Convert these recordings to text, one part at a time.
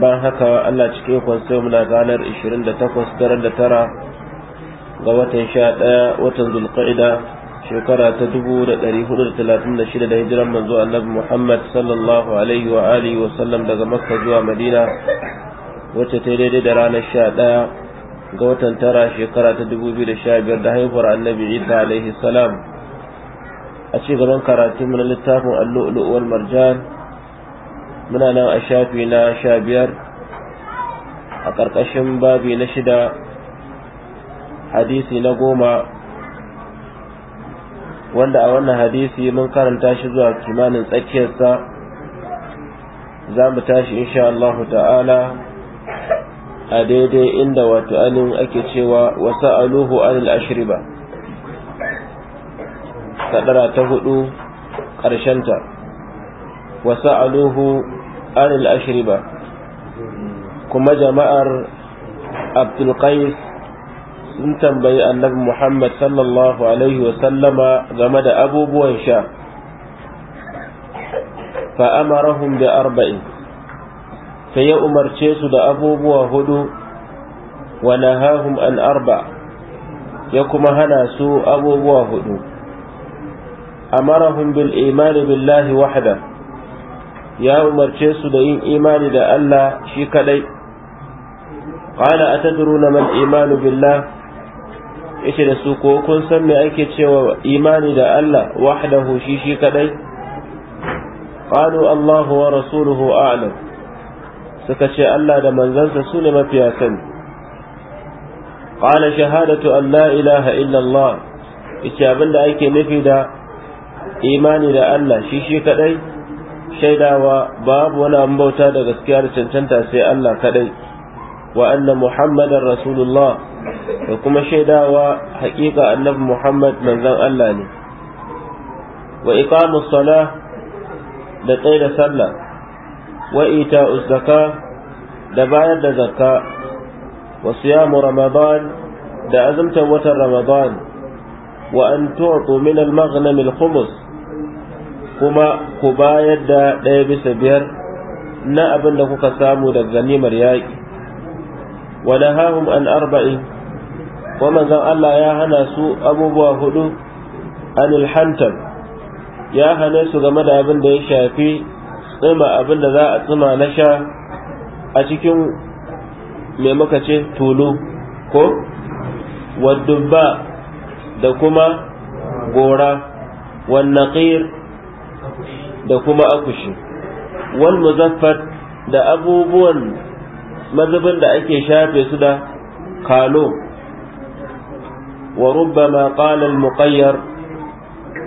ban haka Allah cikin kwanse muna ranar 28 daren da tara ga watan 11 watan zulqa'ida shekara ta 1436 da hijiran manzo annabi Muhammad sallallahu alaihi wa alihi wa sallam daga Makka zuwa Madina wacce ta daidai da ranar 11 ga watan tara shekara ta 2015 da haihuwar annabi Isa alaihi salam a cikin gaban karatu na littafin Al-Lu'lu' wal marjan muna nan a shafi na sha biyar a ƙarƙashin babi na shida hadisi na goma wanda a wannan hadisi mun karanta shi zuwa kimanin tsakiyarsa za mu tashi insha ta'ala a daidai inda wato anin ake cewa wasu aluhu anil ashriba kaɗara ta hudu ƙarshenta wasu aluhu anil ashriba kuma jama'ar abdulkais sun tambayi annabi muhammad sallallahu alaihi wasallama game da abubuwan sha fa'amarahun da arba'in sai ya umarce su da abubuwa hudu wa nahahum an arba ya kuma hana su abubuwa hudu amarahum bil imani billahi wahda ya umarce su da yin imani da Allah shi kadai qala atadruna man imanu billah yace da su ko kun san me ake cewa imani da Allah wahdahu shi shi kadai qalu Allahu, wa rasuluhu a'lam suka ce Allah da manzansa su ne mafiya sani qala shahadatu an la ilaha illa Allah yace abinda ake nufi da imani da Allah shi shi kadai shaidawa babu wani an bauta da gaskiya da cancanta sai Allah kadai wa anna muhammadan rasulullah da kuma shaidawa haƙiƙa annabi muhammad manzon Allah ne wa iqamus salah da tsaida sallah wa ita'uz zaka da bayar da zakka wa siyamu ramadan da azumtar watan ramadan wa an tu'tu min al-maghnam al-khums kuma ku bayar da ɗaya bisa biyar na abin da kuka samu daga ganimar yaƙi wa nahahum an arba'in wa manzon Allah ya hana su abubuwa hudu anil hantam ya hane su game da abin da ya shafi tsima abin da za a tsima na sha a cikin me muka ce tulu ko wadubba da kuma gora ƙir? da kuma akushi wal muzaffat da abubuwan mazubin da ake shafe su da kalo wa rubbama qala al muqayyar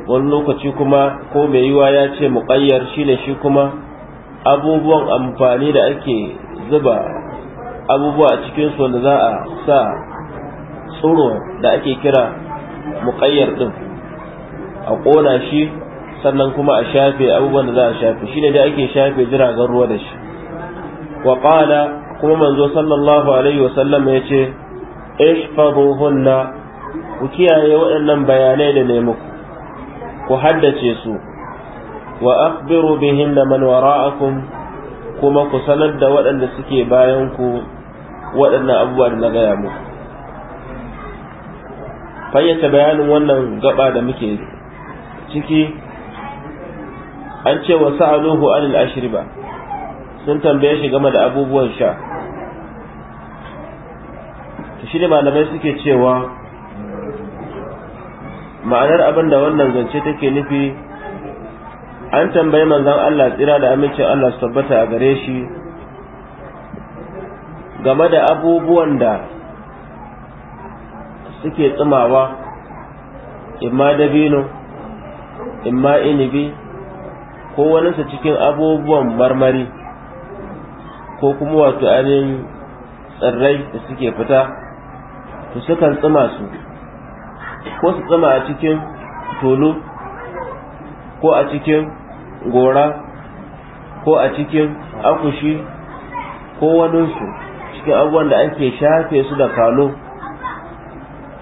wani lokaci kuma ko mai yiwa ya ce muqayyar shine shi kuma abubuwan amfani da ake zuba abubuwa a cikin su wanda za a sa tsoro da ake kira muƙayyar din a ƙona shi sannan kuma a shafe abubuwan da za a shafe shine da ake shafe jiragen ruwa da shi wa qala kuma manzo sallallahu alaihi wasallam ya ce ihfazuhunna ku kiyaye waɗannan bayanai da ne muku ku haddace su wa akhbiru da man wara'akum kuma ku sanar da waɗanda suke bayan ku waɗannan abubuwa da na gaya muku fayyace bayanin wannan gaba da muke ciki an ce wa sa'aluhu anil ashriba sun tambaye shi game da abubuwan sha shi ne malamai suke cewa ma'anar abin da wannan zance take nufi an tambayi manzon Allah tsira da amincin Allah su tabbata a gare shi game da abubuwan da suke tsumawa imma dabino imma inibi ko waninsa cikin abubuwan marmari ko kuma wato ainihin tsirrai da suke fita to sukan tsima su ko su tsima a cikin tulu ko a cikin gora ko a cikin akushi ko waninsu cikin abubuwan da ake shafe su da kalo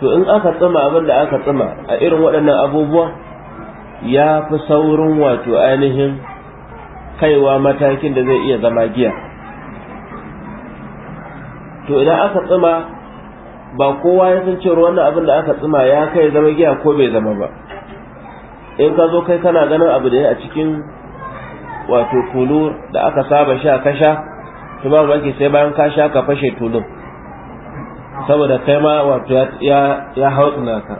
to in aka tsima abin da aka tsima a irin waɗannan abubuwan ya fi saurin wato ainihin kaiwa matakin da zai iya zama giya to idan aka tsima ba kowa ya san cewa wannan abin da aka tsima ya kai zama giya ko bai zama ba in ka zo kai kana ganin abu da ya a cikin wato tulu da aka saba sha ka to ba baki sai bayan ka sha ka fashe tulun saboda kai ma wato ya ya hautsina ka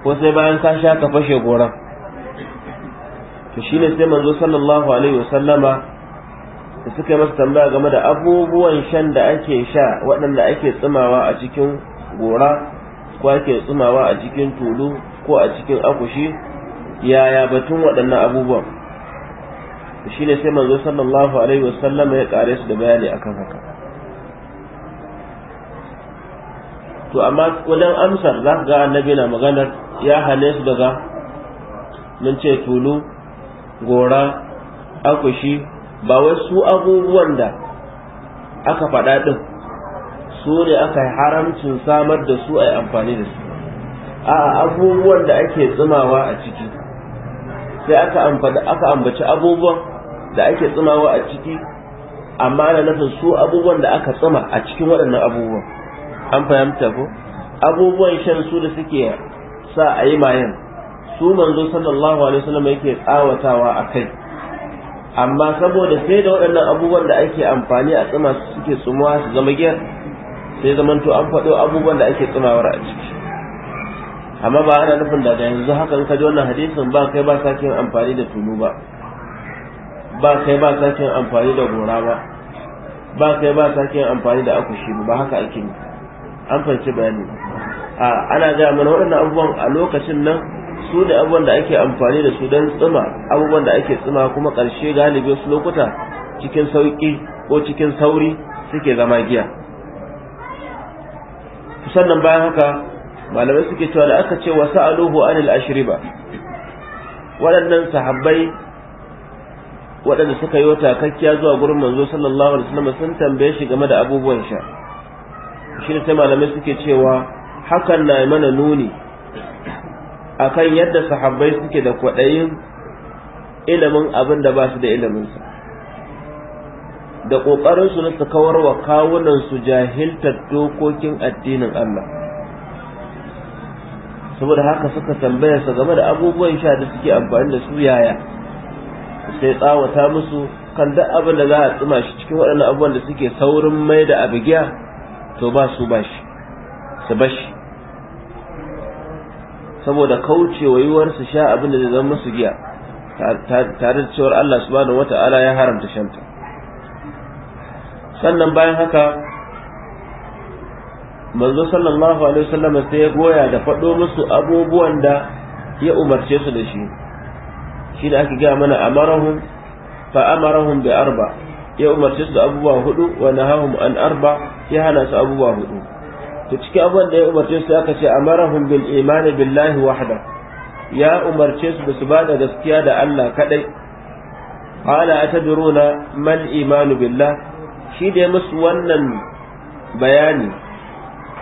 ko sai bayan ka sha ka fashe goran to ne sai manzo sallallahu alaihi wasallama da suka yi masa tambaya game da abubuwan shan da ake sha waɗanda ake tsumawa a cikin gora ko ake tsumawa a cikin tulu ko a cikin akushi yaya batun waɗannan abubuwan shi ne sai manzo sallallahu alaihi wasallama ya kare su da bayani akan haka to amma wajen amsar za ga annabi na maganar ya hane su daga mun ce tulu gora akushi ba wai su abubuwan da aka faɗa ɗin su ne aka yi haramcin samar da su a yi amfani da su a abubuwan da ake tsimawa a ciki sai aka ambaci abubuwan da ake tsimawa a ciki amma da nufin su abubuwan da aka tsuma a cikin waɗannan abubuwan an fahimta ko abubuwan shan su da suke sa a yi mayan su manzo sallallahu alaihi wasallam yake tsawatawa a kai amma saboda sai da waɗannan abubuwan da ake amfani a su suke tsumuwa su zama giyar sai zamanto an faɗo abubuwan da ake tsumawar a ciki amma ba ana nufin da da yanzu haka in ka ji wannan hadisin ba kai ba sakin amfani da tulu ba ba kai ba sakin amfani da gora ba ba kai ba sakin amfani da akushi ba haka ake yi an fahimci bayani a ana ga mana waɗannan abubuwan a lokacin nan su ne abubuwan da ake amfani da su don tsima abubuwan da ake tsima kuma ƙarshe galibi wasu lokuta cikin sauƙi ko cikin sauri suke zama giya sannan bayan haka malamai suke cewa da aka ce wa sa'aluhu anil ashriba waɗannan sahabbai waɗanda suka yi wata kakkiya zuwa gurin manzo sallallahu alaihi wasallam sun tambaye shi game da abubuwan sha shi ne sai malamai suke cewa hakan na mana nuni akan yadda sahabbai suke da kwaɗayin ilimin abin da ba su da iliminsa da ƙoƙarinsu na su kawar wa kawunansu jahiltar dokokin addinin Allah saboda haka suka tambaya su game da abubuwan sha da suke amfani da su yaya sai tsawata musu kan duk abin da za a tsima shi cikin waɗannan abubuwan da suke saurin mai da abigiya to ba su ba shi su bashi saboda kaucewa yiwuwar su sha abin da zai zama musu giya tare da cewar Allah subhanahu wata'ala ya haramta shanta sannan bayan haka manzo sallallahu alaihi wasallam sai ya goya da faɗo musu abubuwan da ya umarce su da shi shi da aka gaya mana amarahum fa amarahum bi arba ya umarce su da abubuwa hudu wa nahahum an arba ya hana su abubuwa hudu to cikin abubuwan da ya umarce su aka ce amarahum bil imani billahi wahda ya umarce su su ba da gaskiya da Allah kadai ala atadruna mal imanu billah shi da musu wannan bayani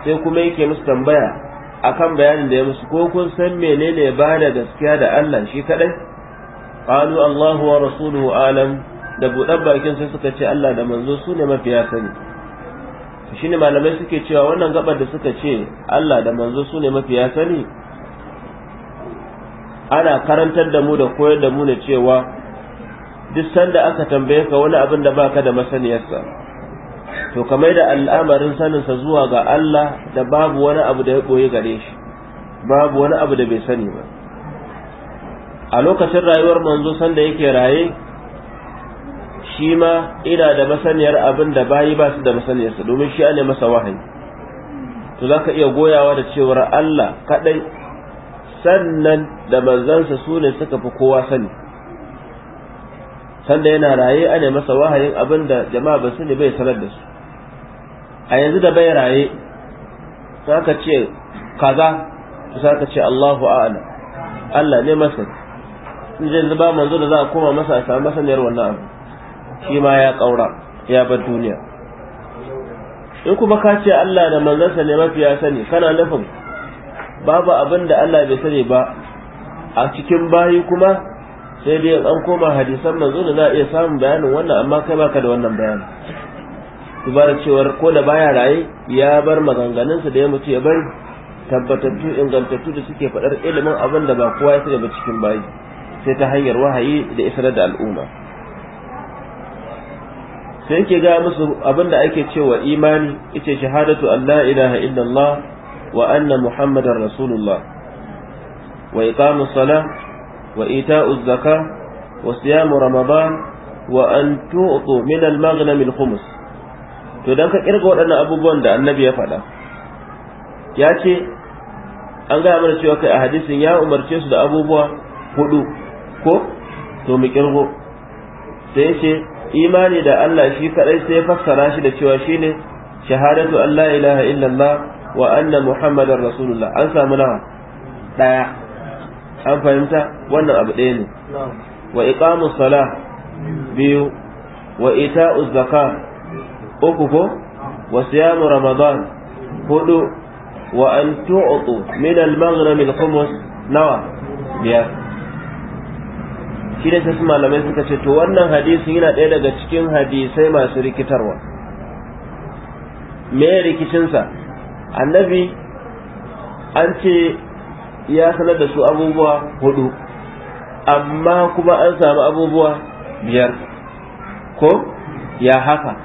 sai kuma yake musu tambaya akan bayanin da ya musu ko kun san menene ba da gaskiya da Allah shi kadai qalu Allahu wa rasuluhu alam da buɗan bakin sai suka ce Allah da manzo sune ne mafiya sani Shin malamai suke cewa wannan gabar da suka ce Allah da manzo su ne mafiya sani ana karantar da mu da koyar da mu ne cewa duk sanda aka tambaye ka wani abin da baka da masaniyarsa to kamar da al'amarin saninsa zuwa ga Allah da babu wani abu da ya koyi gare shi babu wani abu da bai sani ba a lokacin rayuwar manzo sanda yake raye shi ma ina da masaniyar abin da bayi ba su da masaniyarsa domin shi ne masa wahayi to za ka iya goyawa da cewar Allah kaɗai sannan da manzansa su ne suka fi kowa sani sanda yana raye ne masa wahayin abin da jama'a ba su ne bai sanar da su a yanzu da bai raye za ka ce kaza za ka ce Allahu a'ala Allah ne masa in zai zuba manzo da za a koma masa a samu masaniyar wannan abu shi ma ya ƙaura ya bar duniya in kuma ka ce Allah da manzansa ne mafi ya sani kana nufin babu abin da Allah bai sani ba a cikin bayi kuma sai dai an koma hadisan manzo da za a iya samun bayanin wannan amma kai baka da wannan bayanin dubara cewar ko da baya raye ya bar maganganunsa da ya mutu ya bari tabbatattu ingantattu da suke faɗar ilimin abin da ba kowa ya sani ba cikin bayi sai ta hanyar wahayi da isar da al'umma sai yake ga musu abin da ake cewa imani ita shahadatu an la ilaha illallah wa anna muhammadar rasulullah wa iqamu sala wa ita'u zaka wa siyamu ramadan wa an tu'tu min al-maghnam al-khums to dan ka kirga waɗannan abubuwan da annabi ya faɗa ya ce an gaya mana cewa kai a hadisin ya umarce su da abubuwa hudu ko to mu kirgo sai ce imani da Allah shi kadai sai fassara shi da cewa shine shahadatu an la ilaha illallah wa anna muhammadar rasulullah an samu nawa daya an fahimta wannan abu ɗaya ne wa iqamu salah biyu wa ita'u zaka uku ko wa siyamu ramadan hudu wa an tu'tu min al-maghrib al-khums nawa biyar shi ne sai malamai suka ce to wannan hadisi yana ɗaya daga cikin hadisai masu rikitarwa me rikicinsa annabi an ce ya sanar da su abubuwa hudu amma kuma an samu abubuwa biyar ko ya haka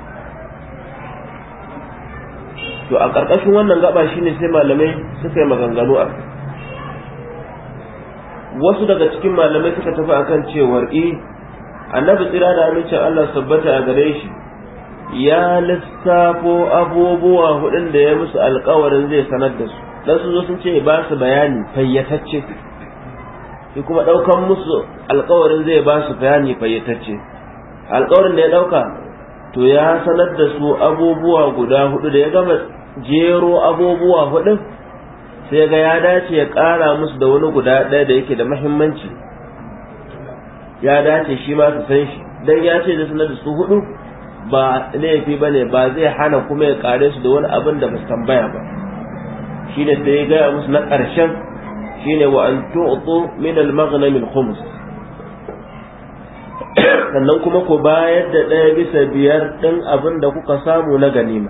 to a ƙarƙashin wannan gaba shine sai malamai suka yi maganganu a wasu daga cikin malamai suka tafi akan cewar e annabi tsira da amincin Allah sabbata a gare shi ya lissafo abubuwa hudun da ya musu alkawarin zai sanar da su dan su zo sun ce ba su bayani fayyatacce shi kuma daukan musu alkawarin zai ba su bayani fayyatacce alkawarin da ya dauka to ya sanar da su abubuwa guda hudu da ya gama jero abubuwa hudun sai ga ya dace ya ƙara musu da wani guda ɗaya da yake da mahimmanci ya dace shi ma su san shi dan ya ce da sanar da su hudu ba laifi ba ne ba zai hana kuma ya ƙare su da wani abin da ba su tambaya ba Shi ne sai ya gaya musu na ƙarshen shine wa an tu'tu min al-maghnam khums sannan kuma ku bayar da ɗaya bisa biyar ɗin abin da kuka samu na ganima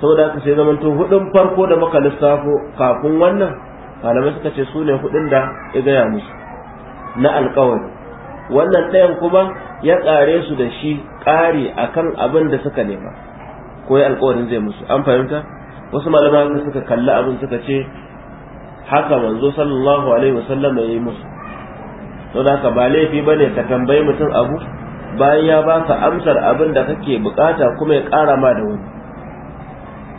saboda haka sai zamanto hudun farko da muka lissafo kafin wannan malamai suka ce su ne hudun da ya gaya musu na alkawari wannan ɗayan kuma ya ƙare su da shi ƙari akan abin da suka nema ko ya alkawarin zai musu an fahimta wasu malamai suka kalli abin suka ce haka manzo sallallahu alaihi wasallam ya yi musu don haka ba laifi ba ne ka tambayi mutum abu bayan ya baka amsar abin da kake bukata kuma ya ƙara ma da wani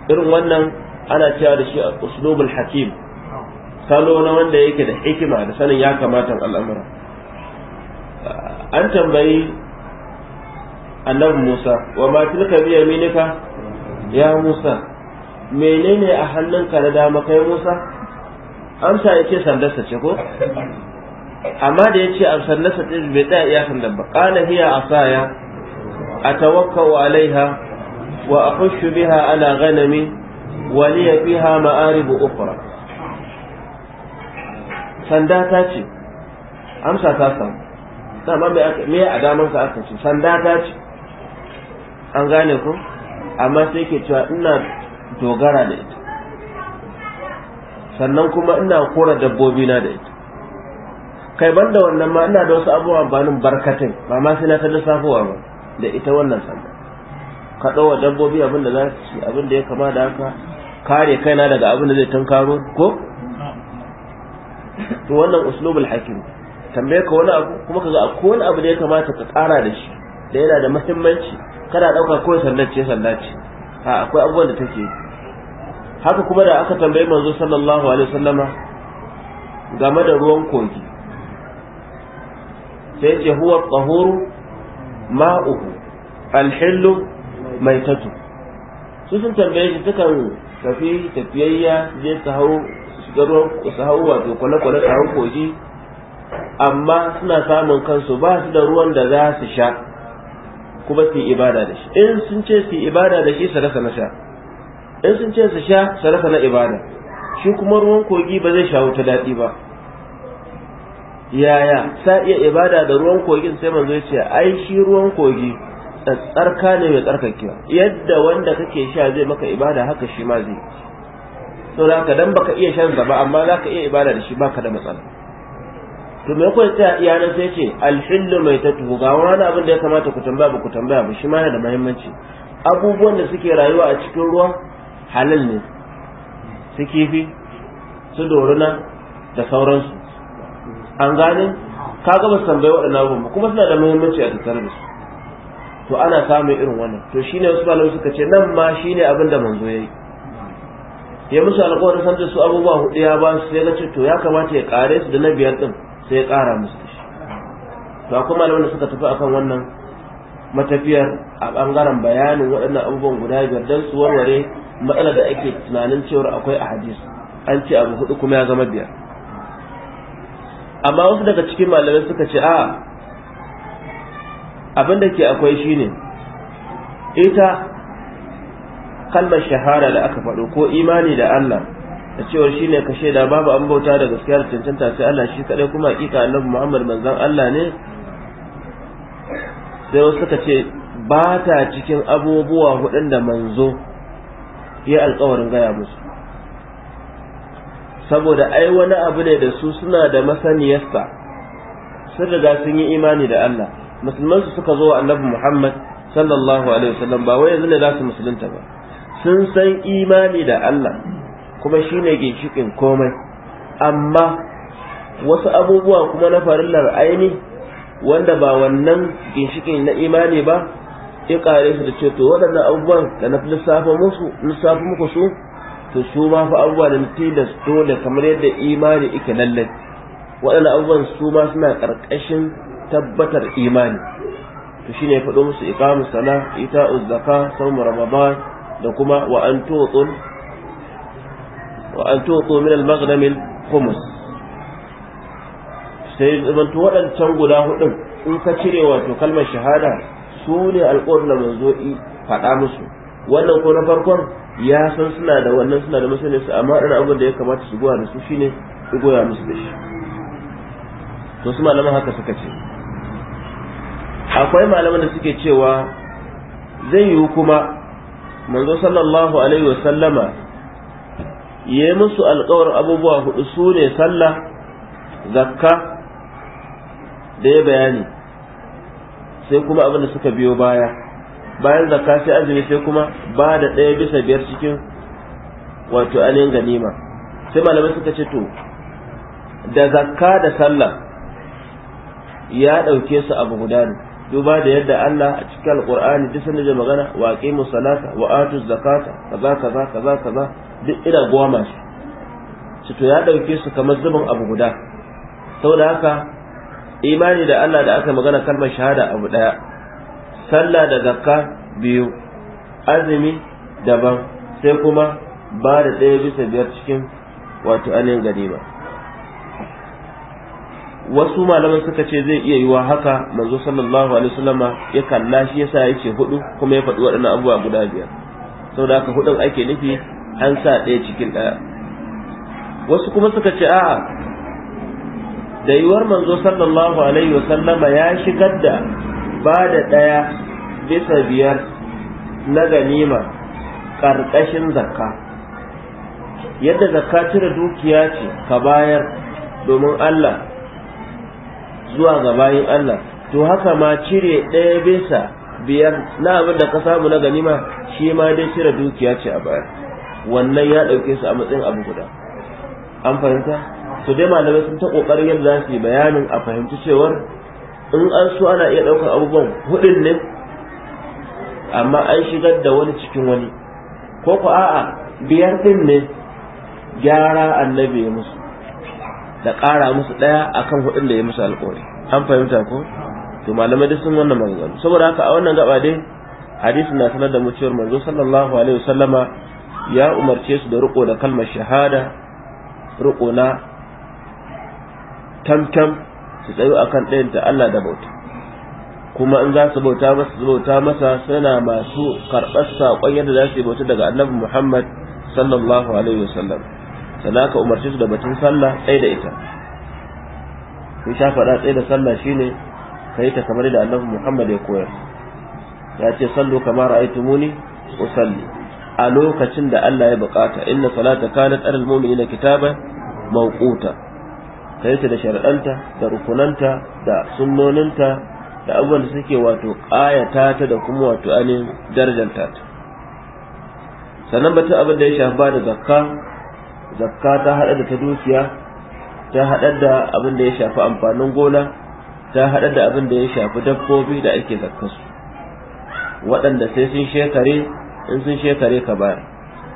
irin wannan ana cewa da shi a uslubul hakim salo na wanda yake da hikima da sanin ya kamata al'amura an tambayi annabi Musa wa ma tilka bi yaminika ya Musa menene a hannunka na dama kai Musa amsa yake sandarsa ce ko amma da yace a sandarsa din bai tsaya iya sandar ba qala hiya asaya atawakkau alaiha wa وأخش بها على غنمي ولي فيها مآرب أخرى sanda ta ce amsa ta samu ma me a daman sa aka ce sanda ta ce an gane ko amma sai ke cewa ina dogara da ita sannan kuma ina kora dabbobi na da ita kai banda wannan ma ina da wasu abubuwan banin barkatin ba ma sai na ta da safuwa ba da ita wannan sanda ka ɗaua dabbobi abin da za su ci abin da ya kama da haka kare kaina daga abin da zai tankaro ko to wannan uslubul hakim tambaye ka wani abu kuma kaga akwai wani abu da ya kamata ka tsara da shi da yana da muhimmanci kada dauka ce sallace ce Ha akwai abubuwan da take haka kuma da aka tambaye manzo sallallahu alaihi wasallama game da ruwan kogi sai ce huwa tahuru ma'uhu alhillu Mai su sun tambaye shi kan tafi tafiyayya je su hau su hau wato kwale-kwale su hau kogi amma suna samun kansu ba su da ruwan da za su sha kuma su yi ibada da shi in sun ce su yi ibada da shi su rasa na sha in sun ce su sha su rasa na ibada shi kuma ruwan kogi ba zai sha wuta daɗi ba yaya sa iya ibada da ruwan kogin sai manzo ya ce ai shi ruwan kogi tsarka ne mai tsarkakewa yadda wanda kake sha zai maka ibada haka shi ma zai so da ka dan baka iya shan ba amma za ka iya ibada da shi ba ka da matsala to me kuwa ta iya nan sai ce alhillu mai ta tatuhu ga wani abin da ya kamata ku tambaya ba ku tambaya ba shi ma yana da muhimmanci abubuwan da suke rayuwa a cikin ruwa halal ne su kifi su doruna da sauransu an gane ka gaba ba tambayi waɗannan abubuwan kuma suna da muhimmanci a tattare da su to ana samun irin wannan to shine wasu malamai suka ce nan ma shine abin da manzo yayi ya musu alƙawari san da su abubuwa hudu ya ba su sai ga ce to ya kamata ya kare su da na biyar din sai ya kara musu shi to akwai malamai da suka tafi akan wannan matafiyar a bangaren bayanin waɗannan abubuwan guda biyar dan su warware matsalar da ake tunanin cewa akwai a hadisi an ce abu hudu kuma ya zama biyar amma wasu daga cikin malamai suka ce a abin da ke akwai shi ne ita kalmar shahara da aka faɗo ko imani da Allah da cewar ne kashe da babu an bauta da gaskiya da cancanta sai Allah shi kaɗai. kuma hakika annabi Muhammad manzon Allah ne sai wasu suka ce ba ta cikin abubuwa hudun da manzo ya alkawarin gaya musu saboda ai wani abu ne da su suna da masaniyarsa sun riga sun yi imani da Allah musulman su suka zo wa annabi Muhammad sallallahu alaihi wasallam ba wai yanzu ne za su musulunta ba sun san imani da Allah kuma shine ginshikin komai amma wasu abubuwa kuma na farillar aini wanda ba wannan ginshikin na imani ba ya kare su da ce to waɗannan abubuwan da na lissafa musu lissafa muku su to su ma fa abubuwa da tilas dole kamar yadda imani ike lallai waɗannan abubuwan su ma suna ƙarƙashin tabbatar imani to shine ya faɗo musu iqamu sala ita'uz zaka sawm ramadan da kuma wa an tuqul wa an tuqu min al-maghnam al-khums sai idan to waɗancan guda hudu in ka cire wato kalmar shahada su ne alƙawarin da manzo faɗa musu wannan ko na farkon ya san suna da wannan suna da masani su amma ɗan abin da ya kamata su goya da su shine su goya musu da shi to su malaman haka suka ce akwai malaman da suke cewa zai yiwu kuma manzo sallallahu alaihi sallama, ya yi musu alkawarin abubuwa hudu sune ne sallah zakka da bayani sai kuma abin da suka biyo baya bayan zakka sai azumi sai kuma ba da ɗaya bisa biyar cikin wato ainihin ganima sai malamai suka ce to da zakka da sallah ya ɗauke su abu guda duba da yadda Allah a cikin alqur'ani duk sanin da magana wa aqimu salata wa atu zakata kaza kaza kaza kaza duk ina goma shi su to ya dauke su kamar zubin abu guda saboda haka imani da Allah da aka magana kalmar shahada abu daya sallah da zakka biyu azumi daban sai kuma ba da ɗaya bisa biyar cikin wato anin ganima wasu malaman suka ce zai iya yiwa haka manzo sallallahu alaihi wasallama ya kalla shi yasa yake hudu kuma ya faɗi waɗannan abubuwa guda biyar saboda haka hudun ake nufi an sa ɗaya cikin ɗaya wasu kuma suka ce a'a da yiwuwar manzo sallallahu alaihi wasallama ya shigar da ba da ɗaya bisa biyar na ganima ƙarƙashin zakka yadda zakka cire dukiya ce ka bayar domin Allah zuwa ga bayin Allah to haka ma cire ɗaya bisa biyar na abin da ka samu na ganima shi ma dai cire dukiya ce a bayar. wannan ya ɗauke su a matsayin abu guda an fahimta to dai malamai sun ta ƙoƙarin yadda za su yi bayanin a fahimci cewar in an so ana iya ɗaukar abubuwan huɗun ne amma an shigar da wani cikin wani ko ku a'a biyar ɗin ne gyara annabi musu da ƙara musu ɗaya akan hudun da ya musu alƙawari an fahimta ko to malamai duk sun wannan maganganu saboda haka a wannan gaba dai hadisin na sanar da mu cewar manzo sallallahu alaihi wasallama ya umarce su da riko da kalmar shahada riko na tamtam su tsayo akan ɗayan ta Allah da bauta kuma in za su bauta masa su bauta masa suna masu karɓar saƙon yadda za su yi bauta daga annabi Muhammad sallallahu alaihi wasallam sannan aka umarci su da batun sallah tsaye da ita sun sha faɗa tsaye da sallah shine ka yi ta kamar da annabi muhammad ya koyar ya ce sallu kamar ra'aytumuni usalli a lokacin da Allah ya bukata inna salata kanat alal mu'minina kitaban mawquta yi ta da shari'anta, da rukunanta da sunnoninta da abubuwan da suke wato ƙayata ta da kuma wato ainihin darajanta ta sannan batun abin da ya shafi ba da zakka zakka ta haɗa da ta dukiya ta haɗa da abin da ya shafi amfanin gona ta haɗa da abin da ya shafi dabbobi da ake zakkasu waɗanda sai sun shekare in sun shekare ka bayar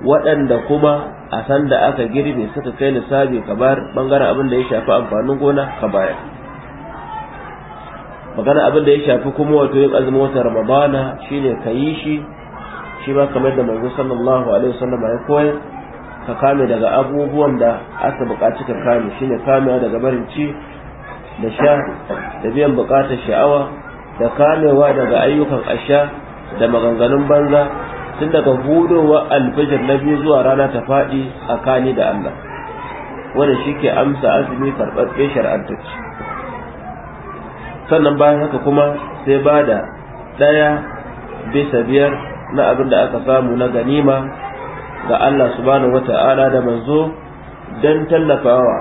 waɗanda kuma a san da aka girbe suka kai nisabi ka bayar ɓangaren abin da ya shafi amfanin gona ka bayar magana abin da ya shafi kuma wato yin azumin wata ramadana shine ka yi shi shi ma kamar da manzo sallallahu alaihi wasallam ya koyar ka kame daga abubuwan da aka bukaci ka kame shi ne kamewa daga barin ci da sha da biyan buƙatar sha'awa da kamewa daga ayyukan asha da maganganun banza tun daga hudowa alfijir na biyu zuwa rana ta faɗi kani da Allah wanda shi ke amsa azumi karɓaɓɓe shar'antacci sannan bayan haka kuma sai ba da ɗaya bisa biyar na abin da aka samu na ganima ga Allah subhanahu ta’ala da manzo Dan tallafawa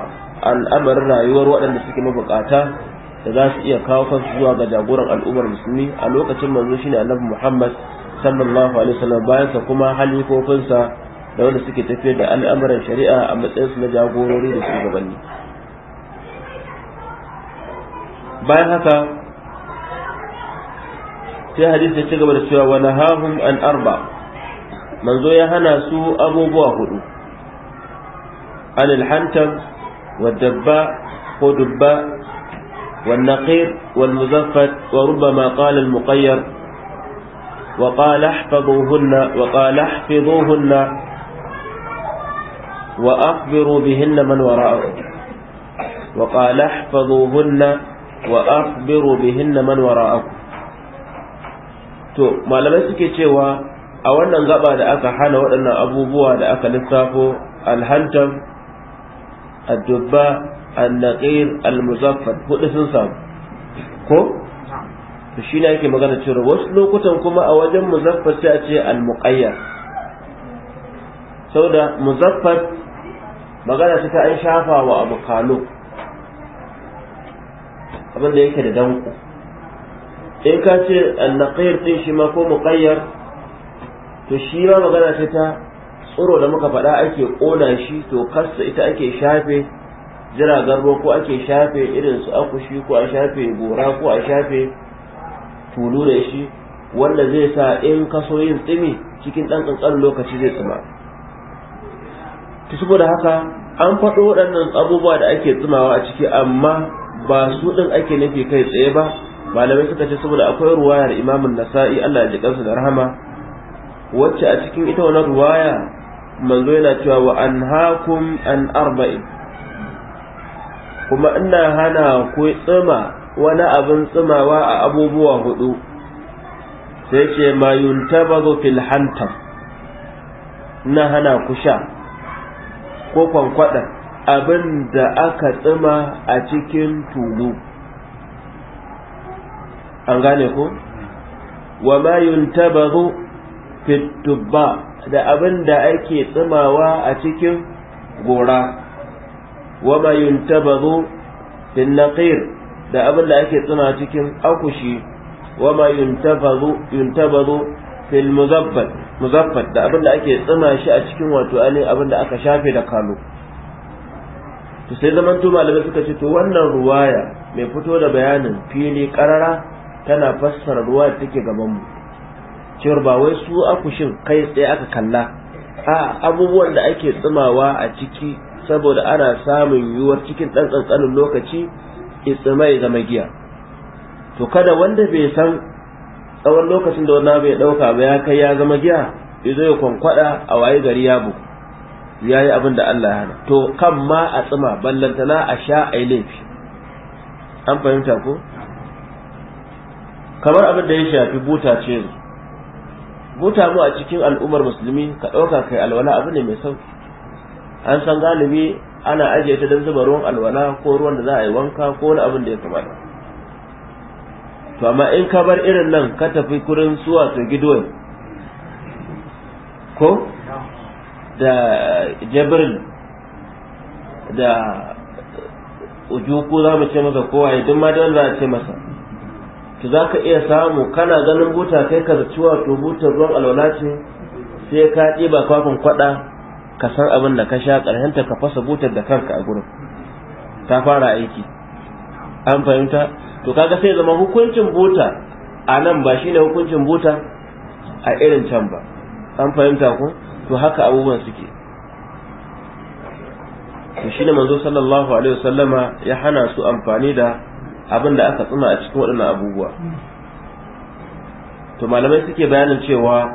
al'amarin rayuwar waɗanda suke mabukata da za su iya kawo kansu zuwa ga jagoran al'ummar musulmi a lokacin manzo shine annabi Muhammad sallallahu alaihi wasallam bayan sa kuma sa da wanda suke tafiyar da al'amuran shari'a a matsayin su na jagorori da shugabanni bayan haka sai hadisi ya ci gaba da cewa Wani nahahum an arba' manzo ya hana su abubuwa hudu alilhantar hantab wa dabba ko dubba wa naqir wal muzaffat wa rubbama qala al muqayyar wa qala ihfazuhunna wa qala ihfazuhunna wa akhbiru bihinna man wara'akum wa qala ihfazuhunna man to malamai suke cewa a wannan gaba da aka hana waɗannan abubuwa da aka lissafo alhantam addubba annaqir almuzaffar hudu sun samu ko to shi ne ake magana cewa wasu lokutan kuma a wajen muzaffar sai a ce almuqayyar da muzaffar magana ta an shafa wa abu kano abin da yake da danko in ka ce annaqir din shi ma ko muqayyar to shi ma magana ce ta tsoro da muka faɗa ake ƙona shi to kasta ita ake shafe jiragen ruwa ko ake shafe irin su akushi ko a shafe gora ko a shafe tulu da shi wanda zai sa in kaso yin tsimi cikin ɗan ƙanƙan lokaci zai tsima ta saboda haka an faɗo waɗannan abubuwa da ake tsimawa a ciki amma ba su ɗin ake nufi kai tsaye ba malamai suka ce saboda akwai ruwayar imamun nasa'i allah ya ji da rahama wacce a cikin ita wannan ruwaya manzo yana cewa wa anhaakum an arba'in kuma ina hana ku tsima wani abin tsimawa a abubuwa hudu sai ce ma yuntabazu fil hanta na hana ku sha ko kwankwada abin da aka tsima a cikin tulu an gane ku wa ma yuntabazu fitubba da abin da ake tsimawa a cikin gora wama yuntabazu bin naqir da abin da ake tsima cikin akushi wama yuntabazu yuntabazu fil muzaffat muzaffat da abin da ake tsima shi a cikin wato ani abin da aka shafe da kalo to sai zaman to malamai suka ce to wannan ruwaya mai fito da bayanin fili karara tana fassara ruwa da take gaban mu cewar ba wai su akushin kai tsaye aka kalla a abubuwan da ake tsimawa a ciki saboda ana samun yiwuwar cikin ɗan tsantsanin lokaci itsima ya zama giya to kada wanda bai san tsawon lokacin da wannan bai ɗauka ba ya kai ya zama giya ya zo ya kwankwada a waye gari ya bu ya yi abin da Allah ya hana to kan ma a tsima ballantana a sha a yi laifi an fahimta ko kamar abin da ya shafi buta ce mu a cikin al'ummar musulmi ka ɗauka kai alwala abu ne mai sauki an san galibi ana ajiye ta don zuba ruwan alwala ko ruwan da za a yi wanka ko wani abin da ya kamata to amma in ka bar irin nan ka tafi kurin suwa to gidoy ko da jibril da ujuku za mu ce masa kowaye duk ma da za a ce masa to za ka iya samu kana ganin buta kai ka zaci wato butar ruwan alwala ce sai ka ɗiba kwafin kwaɗa ka san abin da ka sha ƙarshenta ka fasa butar da kanka a gurin ta fara aiki an fahimta to kaga sai zama hukuncin buta a nan ba shine hukuncin buta a irin can ba an fahimta ku to haka abubuwan suke to shine manzo sallallahu alaihi wasallama ya hana su amfani da abin da aka tsuma a cikin waɗannan abubuwa to malamai suke bayanin cewa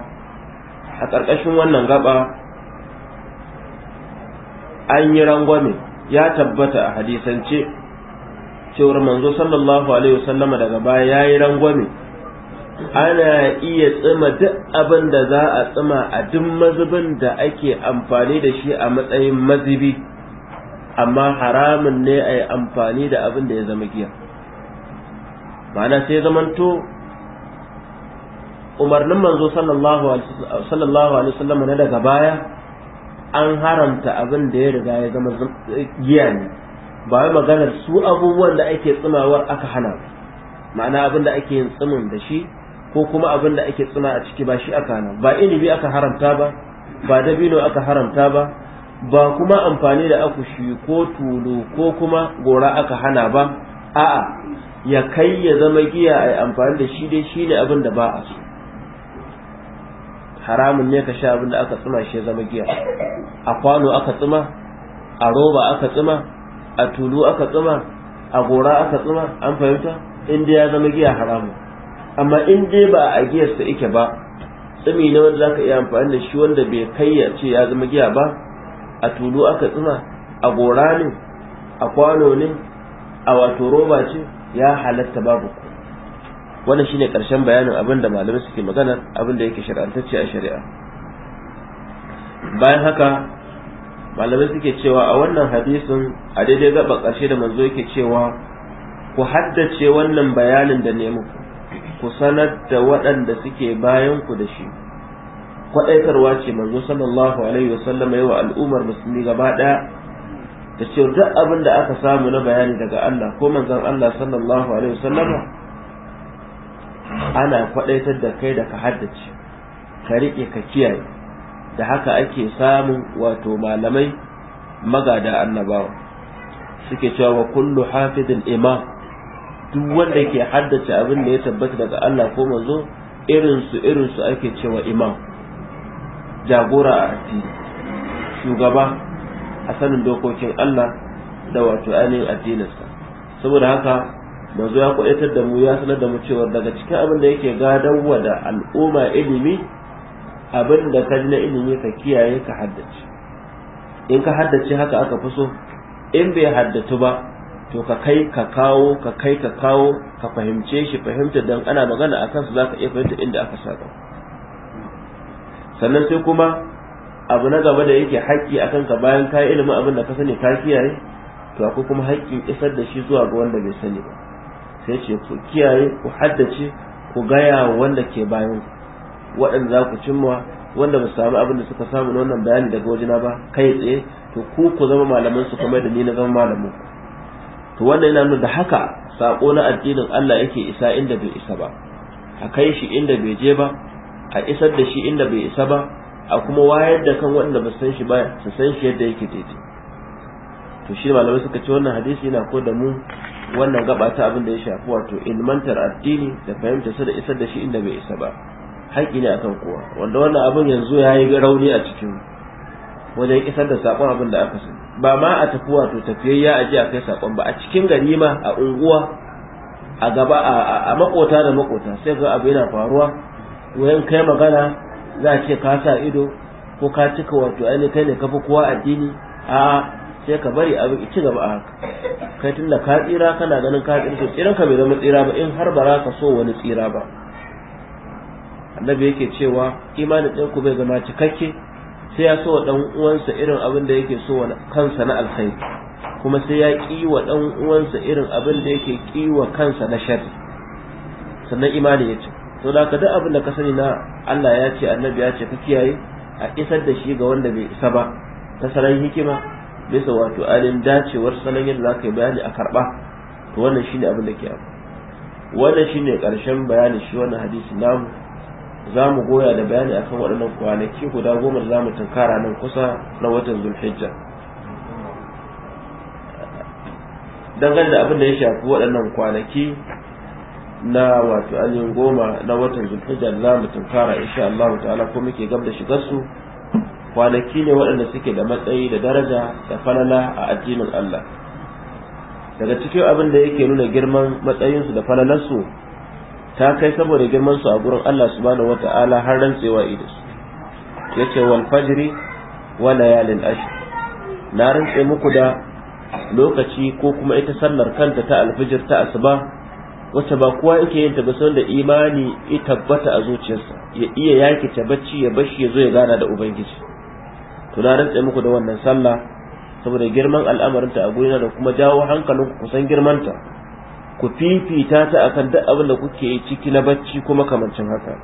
a ƙarƙashin wannan gaba an yi rangwame ya tabbata a hadisance cewar manzo sallallahu alaihi wasallama daga baya ya yi rangwame ana iya tsima duk abin da za a tsima a duk mazubin da ake amfani da shi a matsayin mazubi amma haramun ne a yi amfani da abin da ya zama giya. ma'ana sai zamanto umarnin manzo sallallahu alaihi wasallam na daga baya an haramta abin da ya riga ya zama giya ne ba wai maganar su abubuwan da ake tsimawar aka hana ma'ana abin da ake yin tsimin da shi ko kuma abin da ake tsima a ciki ba shi aka hana ba inibi aka haramta ba ba dabino aka haramta ba ba kuma amfani da akushi ko tulu ko kuma gora aka hana ba a'a ya kai ya zama giya a amfani da shi dai shi ne abin da ba a so haramun ne ka sha abin da aka tsuma shi ya zama giya a kwano aka tsuma a roba aka tsuma a tulu aka tsuma a gora aka tsuma an fahimta inda ya zama giya haramun amma in dai ba a giyarsa ike ba tsumi ne wanda zaka iya amfani da shi wanda bai kai ya ce ya zama giya ba a tulu aka tsuma a gora ne a kwano ne a wato roba ce ya halatta babu ku wannan shine karshen bayanin abin da malamai suke magana abin da yake shar'antacce a shari'a bayan haka malamai suke cewa a wannan hadisin a daidai gaba karshe da manzo yake cewa ku haddace wannan bayanin da ne ku sanar da waɗanda suke bayan ku da shi kwaɗaitarwa ce manzo sallallahu alaihi wasallam yawa al'ummar musulmi gaba ɗaya da ce duk abin da aka samu na bayani daga Allah ko manzon Allah sallallahu alaihi wasallama ana kwadaitar da kai da ka haddace ka rike ka kiyaye da haka ake samu wato malamai magada annabawa suke cewa wa kullu hafidin imam duk wanda ke haddace abin da ya tabbata daga Allah ko manzo irin su irin su ake cewa imam jagora a shugaba a sanin dokokin Allah da wato ainihin addininsa saboda haka manzo ya kwa'itar da mu ya sanar da mu cewa daga cikin abin da yake gadawa da al'umma ilimi abin da ka na ilimi ka kiyaye ka haddace in ka haddace haka aka fi so in bai haddatu ba to ka kai ka kawo ka kai ka kawo ka fahimce shi fahimtar dan ana magana akan su zaka iya fahimta inda aka saba sannan sai kuma abu na gaba da yake haƙƙi a kanka bayan ka ilimin abin da ka sani ka kiyaye to akwai kuma haƙƙin isar da shi zuwa ga wanda bai sani ba sai ce ku kiyaye ku haddace ku gaya wanda ke bayan waɗanda za ku cimma wanda ba su samu abin da suka samu na wannan bayani daga wajena ba kai tsaye to ku ku zama malaman su kamar da ni na zama malamin to wannan yana nuna da haka sako na addinin Allah yake isa inda bai isa ba a kai shi inda bai je ba a isar da shi inda bai isa ba a kuma wayar da kan waɗanda ba san shi ba su san shi yadda yake daidai to shi malamai suka ce wannan hadisi yana ko da mu wannan gaba ta abin da ya shafi wato ilmantar addini da fahimta sa da isar da shi inda bai isa ba haƙƙi ne akan kowa wanda wannan abin yanzu ya yi rauni a cikin wajen isar da saƙon abin da aka sani ba ma a tafi wato tafiyayya a je a kai saƙon ba a cikin gari ma a unguwa a gaba a makota da makota sai ga abu yana faruwa wayan kai magana za a ce ka sa ido ko ka cika wato aini kai ne kafi kowa addini a sai ka bari abin ci gaba a haka kai tunda ka tsira kana ganin ka tsira tsiran ka bai zama tsira ba in har ba za ka so wani tsira ba annabi yake cewa imanin ɗan ku bai zama cikakke sai ya so wa ɗan uwansa irin abin da yake so wa kansa na alkhairi kuma sai ya ƙi wa ɗan uwansa irin abin da yake ƙi wa kansa na shari sannan imani ya ci to da duk abin da ka sani na Allah ya ce annabi ya ce ka kiyaye a isar da shi ga wanda bai isa ba ta salon hikima bisa wato alin dacewar salon yadda za ka yi bayani a karɓa to wannan shine abin da ke yi wannan shine ƙarshen bayanin shi wannan hadisi namu za mu goya da bayani akan waɗannan kwanaki guda goma za mu tunkara nan kusa na watan zulhijja dangane da abin da ya shafi waɗannan kwanaki na wato ainihin goma na watan zulhijja da mu tunkara insha Allah ta'ala ko muke gab da shigar su kwanaki ne waɗanda suke da matsayi da daraja da falala a addinin Allah daga cikin abin da yake nuna girman matsayinsu da su ta kai saboda girman su a gurin Allah subhanahu wata'ala har rantsewa ido su yace wal fajri wa layalin ashr na rantse muku da lokaci ko kuma ita sallar kanta ta alfijir ta asuba wacce ba kowa yake yin ta ba da imani ya tabbata a zuciyarsa ya iya yakice bacci ya bashi ya zo ya gana da ubangiji to na rantse muku da wannan sallah saboda girman al'amarinta a gurina da kuma jawo hankalin ku kusan girmanta ku fifita ta akan duk abin da kuke yi ciki na bacci kuma kamancin haka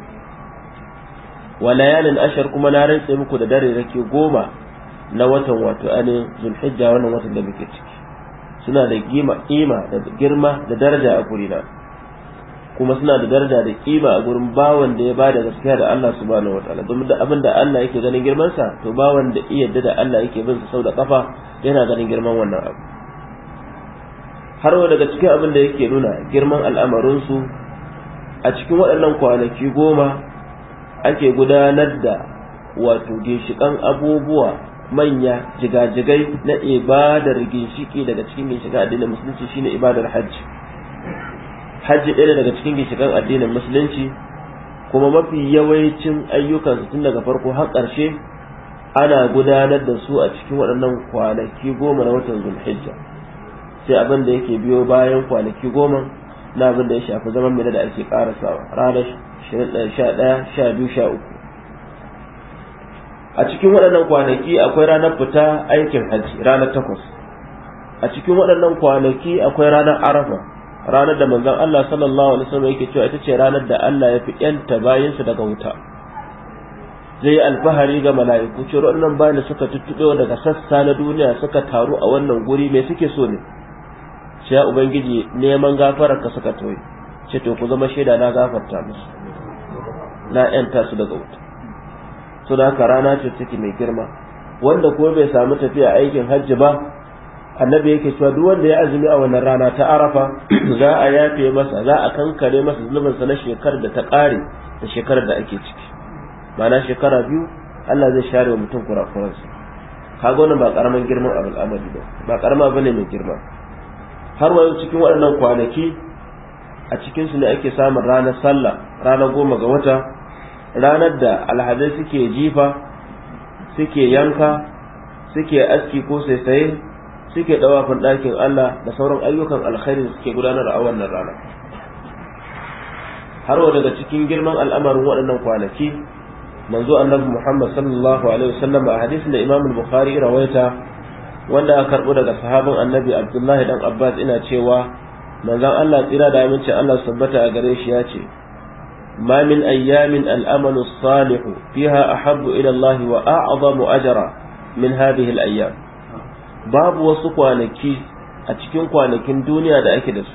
wa layalin ashar kuma na rantse muku da dare rake goma na watan wato anin zulhijja wannan watan da muke ciki suna da kima da girma da daraja a gurina kuma suna da daraja da kima a gurin bawan da ya ba da gaskiya da Allah subhanahu wataala domin da abin da Allah yake ganin girman sa to bawan da iya da Allah yake bin sa sau da kafa yana ganin girman wannan abu har wa daga cikin abin da yake nuna girman al'amarin su a cikin waɗannan kwanaki goma ake gudanar da wato ginshikan abubuwa manya jigajigai na ibadar ginshiki daga cikin ginshikan addinin musulunci shine ibadar hajji hajji ɗaya daga cikin ginshikan addinin musulunci kuma mafi yawancin ayyukan tun daga farko har ƙarshe ana gudanar da su a cikin waɗannan kwanaki goma na watan zulhijja sai abin da yake biyo bayan kwanaki goma na abin da ya shafi zaman mina da ake ƙarasawa ranar 11, 12, eh, sha a cikin waɗannan kwanaki akwai ranar fita aikin hajji ranar takwas a cikin waɗannan kwanaki akwai ranar arafa ranar da manzon Allah sallallahu alaihi wasallam yake cewa ita ce ranar da Allah ya fi yanta bayinsa daga wuta zai yi alfahari ga mala'iku ce waɗannan bayan suka tuttuɓe daga sassa na duniya suka taru a wannan guri mai suke so ne ya ubangiji neman gafarar ka suka toye ce to ku zama shaida na gafarta musu na ƴanta su daga wuta sun haka rana ce take mai girma wanda ko bai samu tafiya aikin hajji ba annabi yake cewa duk wanda ya azumi a wannan rana ta arafa za a yafe masa za a kankare masa sa na shekarar da ta ƙare da shekarar da ake ciki ma'ana shekara biyu Allah zai share wa mutum kurakuransa kaga wannan ba karaman girman al'amari ba ba karama bane mai girma har wayo cikin waɗannan kwanaki a cikinsu su ne ake samun ranar sallah ranar goma ga wata ranar da alhazai suke jifa suke yanka suke aski ko saisaye suke dawafin ɗakin Allah da sauran ayyukan alkhairi suke gudanar a wannan rana har wa daga cikin girman al'amarin waɗannan kwanaki manzo annabi Muhammad sallallahu alaihi wasallam a hadisin da Imam Bukhari rawaita wanda aka karbo daga sahabin annabi Abdullahi dan Abbas ina cewa manzon Allah tsira da aminci Allah sabbata a gare shi ya ce ما من أيام الأمل الصالح فيها أحب إلى الله وأعظم أجرا من هذه الأيام باب وسقوانكي أتكين قوانكين دنيا دا أكدس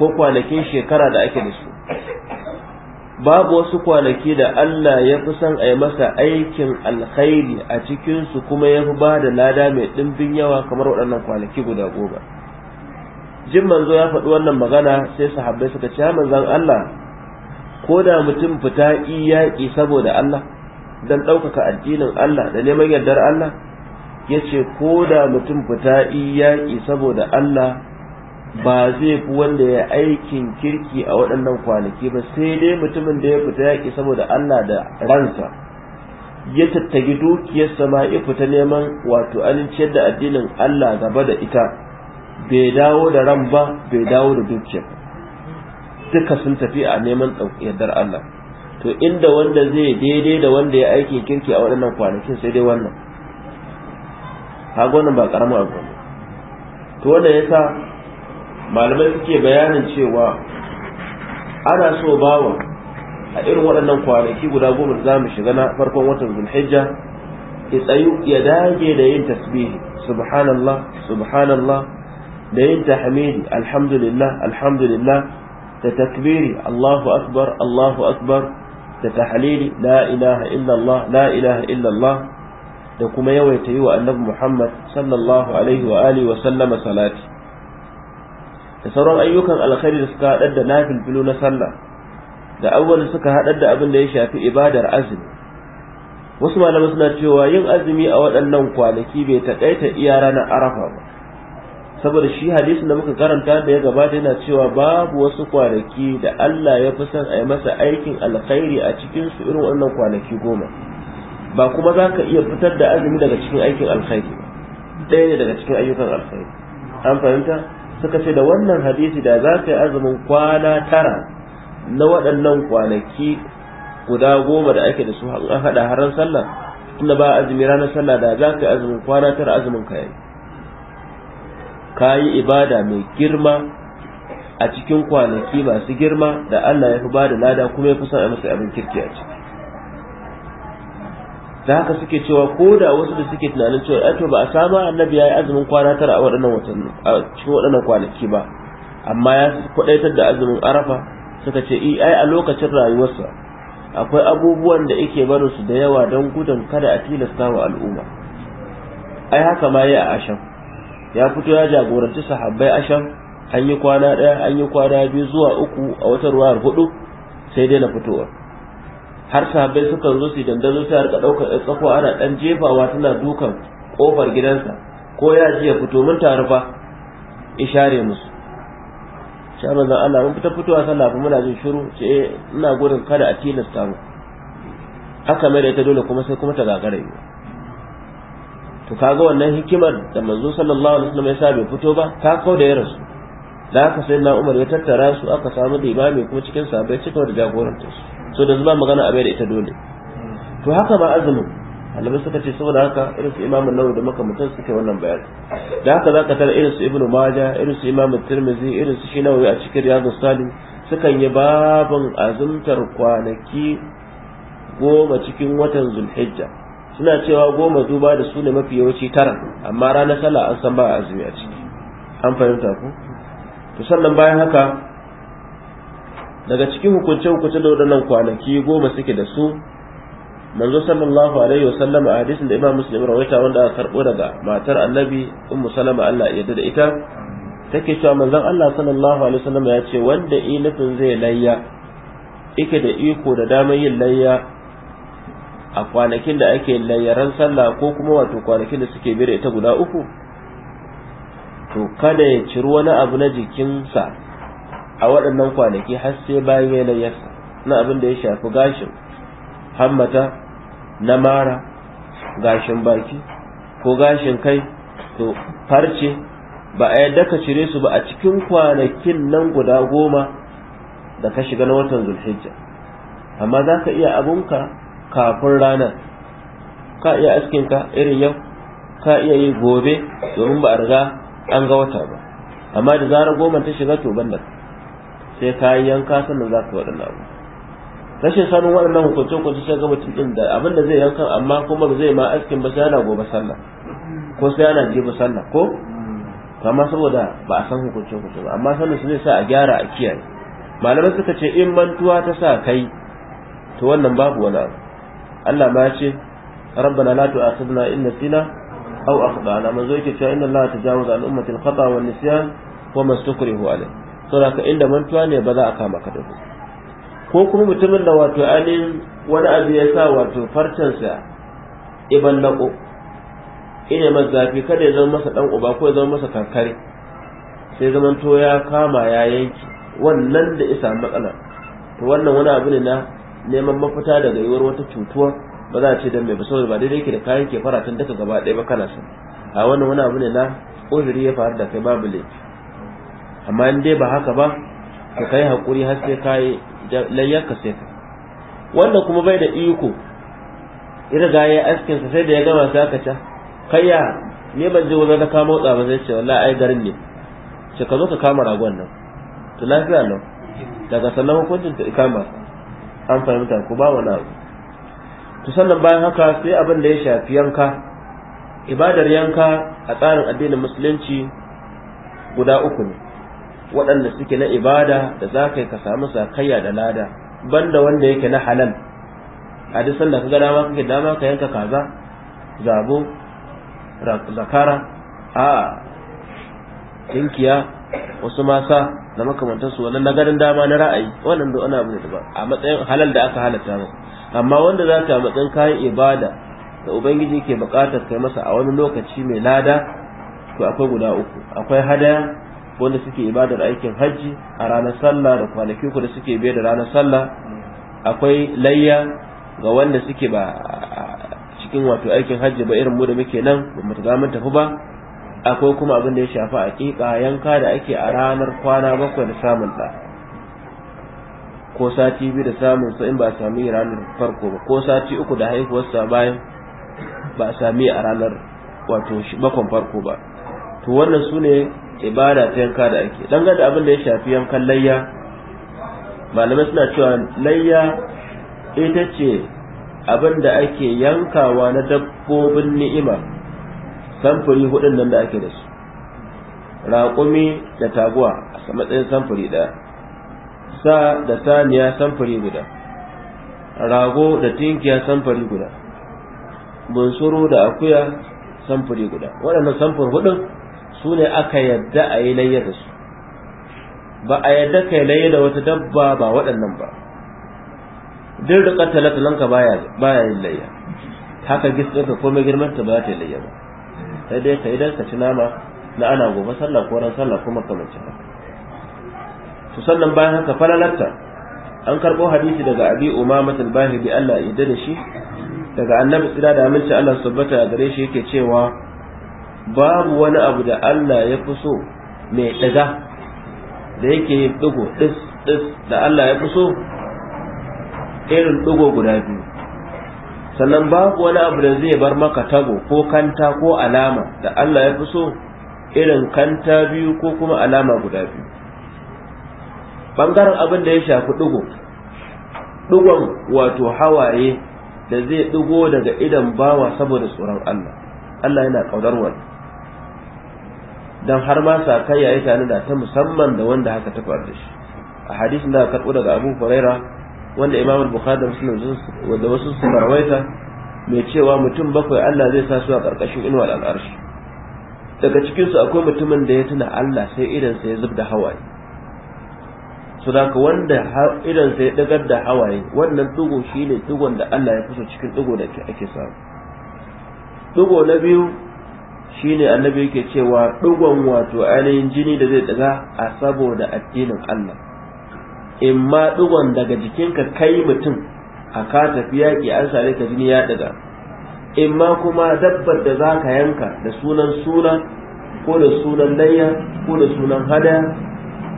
قوانكين شكرا دا أكدس باب وسقوانكي دا ألا يقسن أي مسا أيكين الخير أتكين سكما يهباد لا دامي دنبنيا وكمرو أنه قوانكي قدا قوبا jin manzo ya faɗi wannan magana sai sahabbai suka ce manzon Allah ko da mutum fita yaƙi saboda Allah don ɗaukaka addinin Allah da neman yardar Allah ya ce ko da mutum fita yaƙi saboda Allah ba zai fi wanda ya aikin kirki a waɗannan kwanaki ba sai dai mutumin da ya fita yaƙi saboda Allah da ransa ya tattagi dukiyarsa ma ya fita neman wato ciyar da addinin Allah gaba da ita bai dawo da ran ba bai dawo da dukiyar duka sun tafi a neman yardar Allah to inda wanda zai daidai da wanda ya aiki kirki a waɗannan kwanakin sai dai wannan kaga ba karamin abu ne to wanda ya sa malamai suke bayanin cewa ana so bawa a irin waɗannan kwanaki guda goma za mu shiga na farkon watan zulhijja ya tsayu ya dage da yin tasbihi subhanallah subhanallah da yin tahmidi alhamdulillah alhamdulillah da takbiri Allahu akbar Allahu akbar da tahlili la ilaha illallah la ilaha illallah da kuma yawaita yi wa annabi Muhammad sallallahu alaihi wa alihi wa sallama salati da sauran ayyukan alkhairi da suka haɗar da nafilfilu na sallah da awwal suka haɗar da abin da ya shafi ibadar azumi wasu malamai suna cewa yin azumi a waɗannan kwanaki bai taƙaita iya ranar arafa ba saboda shi hadisin da muka karanta da ya gabata yana cewa babu wasu kwanaki da Allah ya fi son a masa aikin alkhairi a cikin su irin wannan kwanaki goma ba kuma za ka iya fitar da azumi daga cikin aikin alkhairi ɗaya ne daga cikin ayyukan alkhairi an fahimta suka ce da wannan hadisi da za ka yi azumin kwana tara na waɗannan kwanaki guda goma da ake da su an haɗa har sallah tunda ba azumi ranar sallah da za ka yi azumin kwana tara azumin kaya. ka yi ibada mai girma a cikin kwanaki masu girma da Allah ya fi ba da lada kuma ya fi son a masa abin kirki a ciki Ta haka suke cewa ko da wasu da suke tunanin cewa ya to ba a samu annabi ya yi azumin kwana tara a waɗannan watanni a cikin waɗannan kwanaki ba amma ya kwaɗaitar da azumin arafa suka ce i ai a lokacin rayuwarsa akwai abubuwan da yake barin su da yawa don gudun kada a tilasta wa al'umma ai haka ma yi a ashan ya fito ya jagoranci sahabbai asham an yi kwana ɗaya an yi kwana biyu zuwa uku a wata ruwa hudu sai dai na fitowa har sahabbai suka zo su dandazo sai harka ɗaukar ɗan tsako ana ɗan jefawa tana dukan ƙofar gidansa ko ya ji ya fito mun taru fa ishare musu sha manzon Allah mun fita fitowa sallah fa muna jin shiru ce eh, ina gurin kada a tilasta mu aka mai da ita dole kuma sai kuma ta gagara yi to kaga wannan hikimar da manzo sallallahu alaihi wasallam ya sa bai fito ba ta kau da ya rasu da haka sai na umar ya tattara su aka samu da imami kuma cikin bai cika da jagorantar su so da zuba magana a bai da ita dole to haka ba azumin annabi suka ce saboda haka irin su imamu nawu da makamantan suka yi wannan bayani da haka za ka tara irin su ibnu majah irin su imamu tirmidhi irin su shi nawawi a cikin riyadu salim sukan yi babin azumtar kwanaki goma cikin watan zulhijja suna cewa goma duba da su ne mafi yawanci tara amma ranar sallah an san ba a azumi a ciki an fahimta ku to sannan bayan haka daga cikin hukunce hukunce da waɗannan kwanaki goma suke da su manzo sallallahu alaihi wasallam a hadisin da imam muslim rawaita wanda aka karbo daga matar annabi ummu salama Allah ya yarda da ita take cewa manzon Allah sallallahu alaihi wasallam ya ce wanda ilifin zai layya ike da iko da damar yin layya a kwanakin da ake layyaran sallah ko kuma wato kwanakin da suke bira ita guda uku to kada ya ciri wani abu na jikinsa a waɗannan kwanaki har sai bayan ya layyarsa, na abin da ya shafi gashin hammata na mara gashin baki ko gashin kai to farce ba a yadda ka cire su ba a cikin kwanakin nan guda goma da ka shiga na watan zulhijja amma za ka iya abunka kafin ranar ka iya askinka irin yau ka iya yi gobe domin ba a riga an ga wata ba amma da zarar goma ta shiga to banda sai ka yi yanka sannan za ka waɗannan abu rashin sanin waɗannan hukuncin kwanci sai ga mutum ɗin da abin da zai yanka amma kuma ba zai ma askin ba sai yana gobe sallah ko sai yana jibi sallah ko amma saboda ba a san hukuncin kwanci ba amma sanin su zai sa a gyara a kiyaye malamai suka ce in mantuwa ta sa kai to wannan babu wani abu Allah ma ya ce rabbana la tu'akhidna in nasina aw akhtana manzo yake cewa inna Allah tajawaza an ummati al-khata wa nisyan wa to da ka inda mantuwa ne ba za a kama ka da ko kuma mutumin da wato alin wani abu ya sa wato sa iban lako ina masa zafi kada ya zama masa dan uba ko ya zama masa kankare sai zaman to ya kama ya yanki wannan da isa matsala to wannan wani abu ne na neman mafita daga yiwuwar wata cutuwa ba za a ce don mai ba saboda ba daidai yake da kayan ke fara tun daga gaba ɗaya ba kana san a wannan wani abu ne na ƙudiri ya faru da kai babu laifi amma in dai ba haka ba ka kai haƙuri har sai ka yi ka sai ka wannan kuma bai da iko ya riga ya askin sa sai da ya gama sai aka ca ya, ne ban je wajen ka motsa ba sai ce wallahi ai garin ne ce ka zo ka kama ragon nan to lafiya nan. daga sannan hukuncin ta ikama an fahimta ku ba wani abu to sannan bayan haka sai abin da ya shafi yanka ibadar yanka a tsarin addinin musulunci guda uku ne waɗanda suke na ibada da za ka yi ka samu sakayya da lada banda wanda yake na halal a duk sanda ka ga dama kake dama ka yanka kaza zabo zakara a dinkiya wasu masa da makamantansu wannan na dama na ra'ayi wannan da ana bude ba a matsayin halal da aka halatta mu amma wanda za ta matsayin kayan ibada da ubangiji ke buƙatar kai masa a wani lokaci mai lada to akwai guda uku akwai hadaya wanda suke ibadar aikin hajji a ranar sallah da kwanaki uku da suke biye da ranar sallah akwai layya ga wanda suke ba cikin wato aikin hajji ba irin mu da muke nan ba mu tafi ba akwai kuma abin da ya shafi aƙiƙa yanka da ake a ranar kwana bakwai da samun ɗa ko sati biyu da samun sa in ba a sami ranar farko ba ko sati uku da sa bayan ba a sami a ranar wato bakon farko ba to wannan su ne ibada ta yanka da ake dan da abin da ya shafi yankan layya malamai suna cewa layya ita ce abin da ake yankawa na dabbobin ni'ima samfuri hudun nan da ake da su raƙumi da taguwa a matsayin samfuri ɗaya sa da saniya samfuri guda rago da tinkiya samfuri guda bunsuru da akuya samfuri guda waɗannan samfur hudun su ne aka yadda a yi layya da su ba a yadda ka yi da wata dabba ba waɗannan ba duk da ƙattala ba baya yin layya haka gisa ka komai girman ta ba ta yi layya ba sai dai ka idan ka ci nama na ana gobe sallah ko ran sallah kuma ka mace to sannan bayan haka falalarta an karbo hadisi daga abi umama al-bahili Allah ya yarda da shi daga annabi sira da aminci Allah subhanahu wa gare shi yake cewa babu wani abu da Allah ya fi so mai daga da yake digo dis dis da Allah ya fi so irin digo guda biyu sannan babu wani abu da zai bar maka tago ko kanta ko alama da Allah ya fi so irin kanta biyu ko kuma alama guda biyu bangaren abin da ya shafi ɗigo ɗigon wato hawaye da zai ɗigo daga idan bawa saboda tsoron Allah Allah yana ƙaunar wani don har ma sa kai yayi tare da ta musamman da wanda haka ta faru da shi a hadisin da karɓo daga Abu Hurairah wanda imam al-bukhari da muslim da wasu su rawaita mai cewa mutum bakwai Allah zai sa su a karkashin inuwar al'arshi daga cikin su akwai mutumin da ya tuna Allah sai idan sa ya zubda hawaye su da ka wanda idan sa ya dagar da hawaye wannan dugo shine dugon da Allah ya fuso cikin dugo da ake samu dugo na biyu shine annabi yake cewa dugon wato ainihin jini da zai daga a saboda addinin Allah in ma digon daga jikinka kai mutum a ka tafi yaƙi an sare ka jini ya daga in ma kuma dabbar da za ka yanka da sunan suna ko da sunan layya ko da sunan hada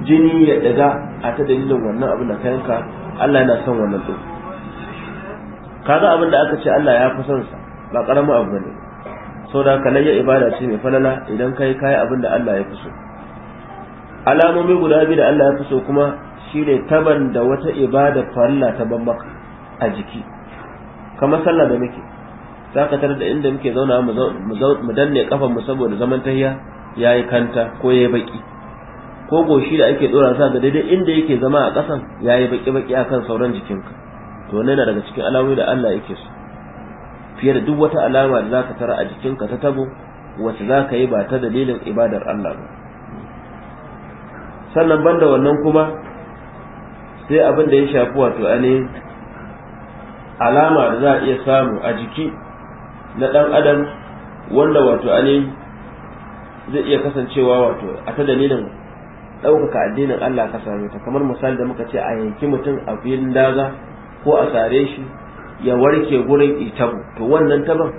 jini ya daga a ta dalilin wannan abin da ka yanka Allah yana son wannan ɗin kaga abin da aka ce Allah ya fi son sa ba ƙaramin abu bane da ka layya ibada ce mai falala idan kai kai abin da Allah ya fi so alamomi guda biyu da Allah ya fi so kuma shine taban da wata ibada falla ta ban maka a jiki kamar sallah da muke za ka tarar da inda muke zauna mu danne kafan mu saboda zaman tahiya yayi kanta ko yayi baki ko goshi da ake dora sa ga daidai inda yake zama a kasan yayi baki baki akan sauran jikinka to na daga cikin alamomi da Allah yake so fiye da duk wata alama da za ka tara a jikinka ta tabo wacce za ka yi ba ta dalilin ibadar Allah ba sannan banda wannan kuma sai abin da ya shafi wato ainihin alama da za a iya samu a jiki na ɗan adam wanda wato ainihin zai iya kasancewa wato a ta dalilin ɗaukaka addinin Allah ka same ta kamar misali da muka ce a yanki mutum a filin daga ko a sare shi ya warke gurin itabu to wannan taban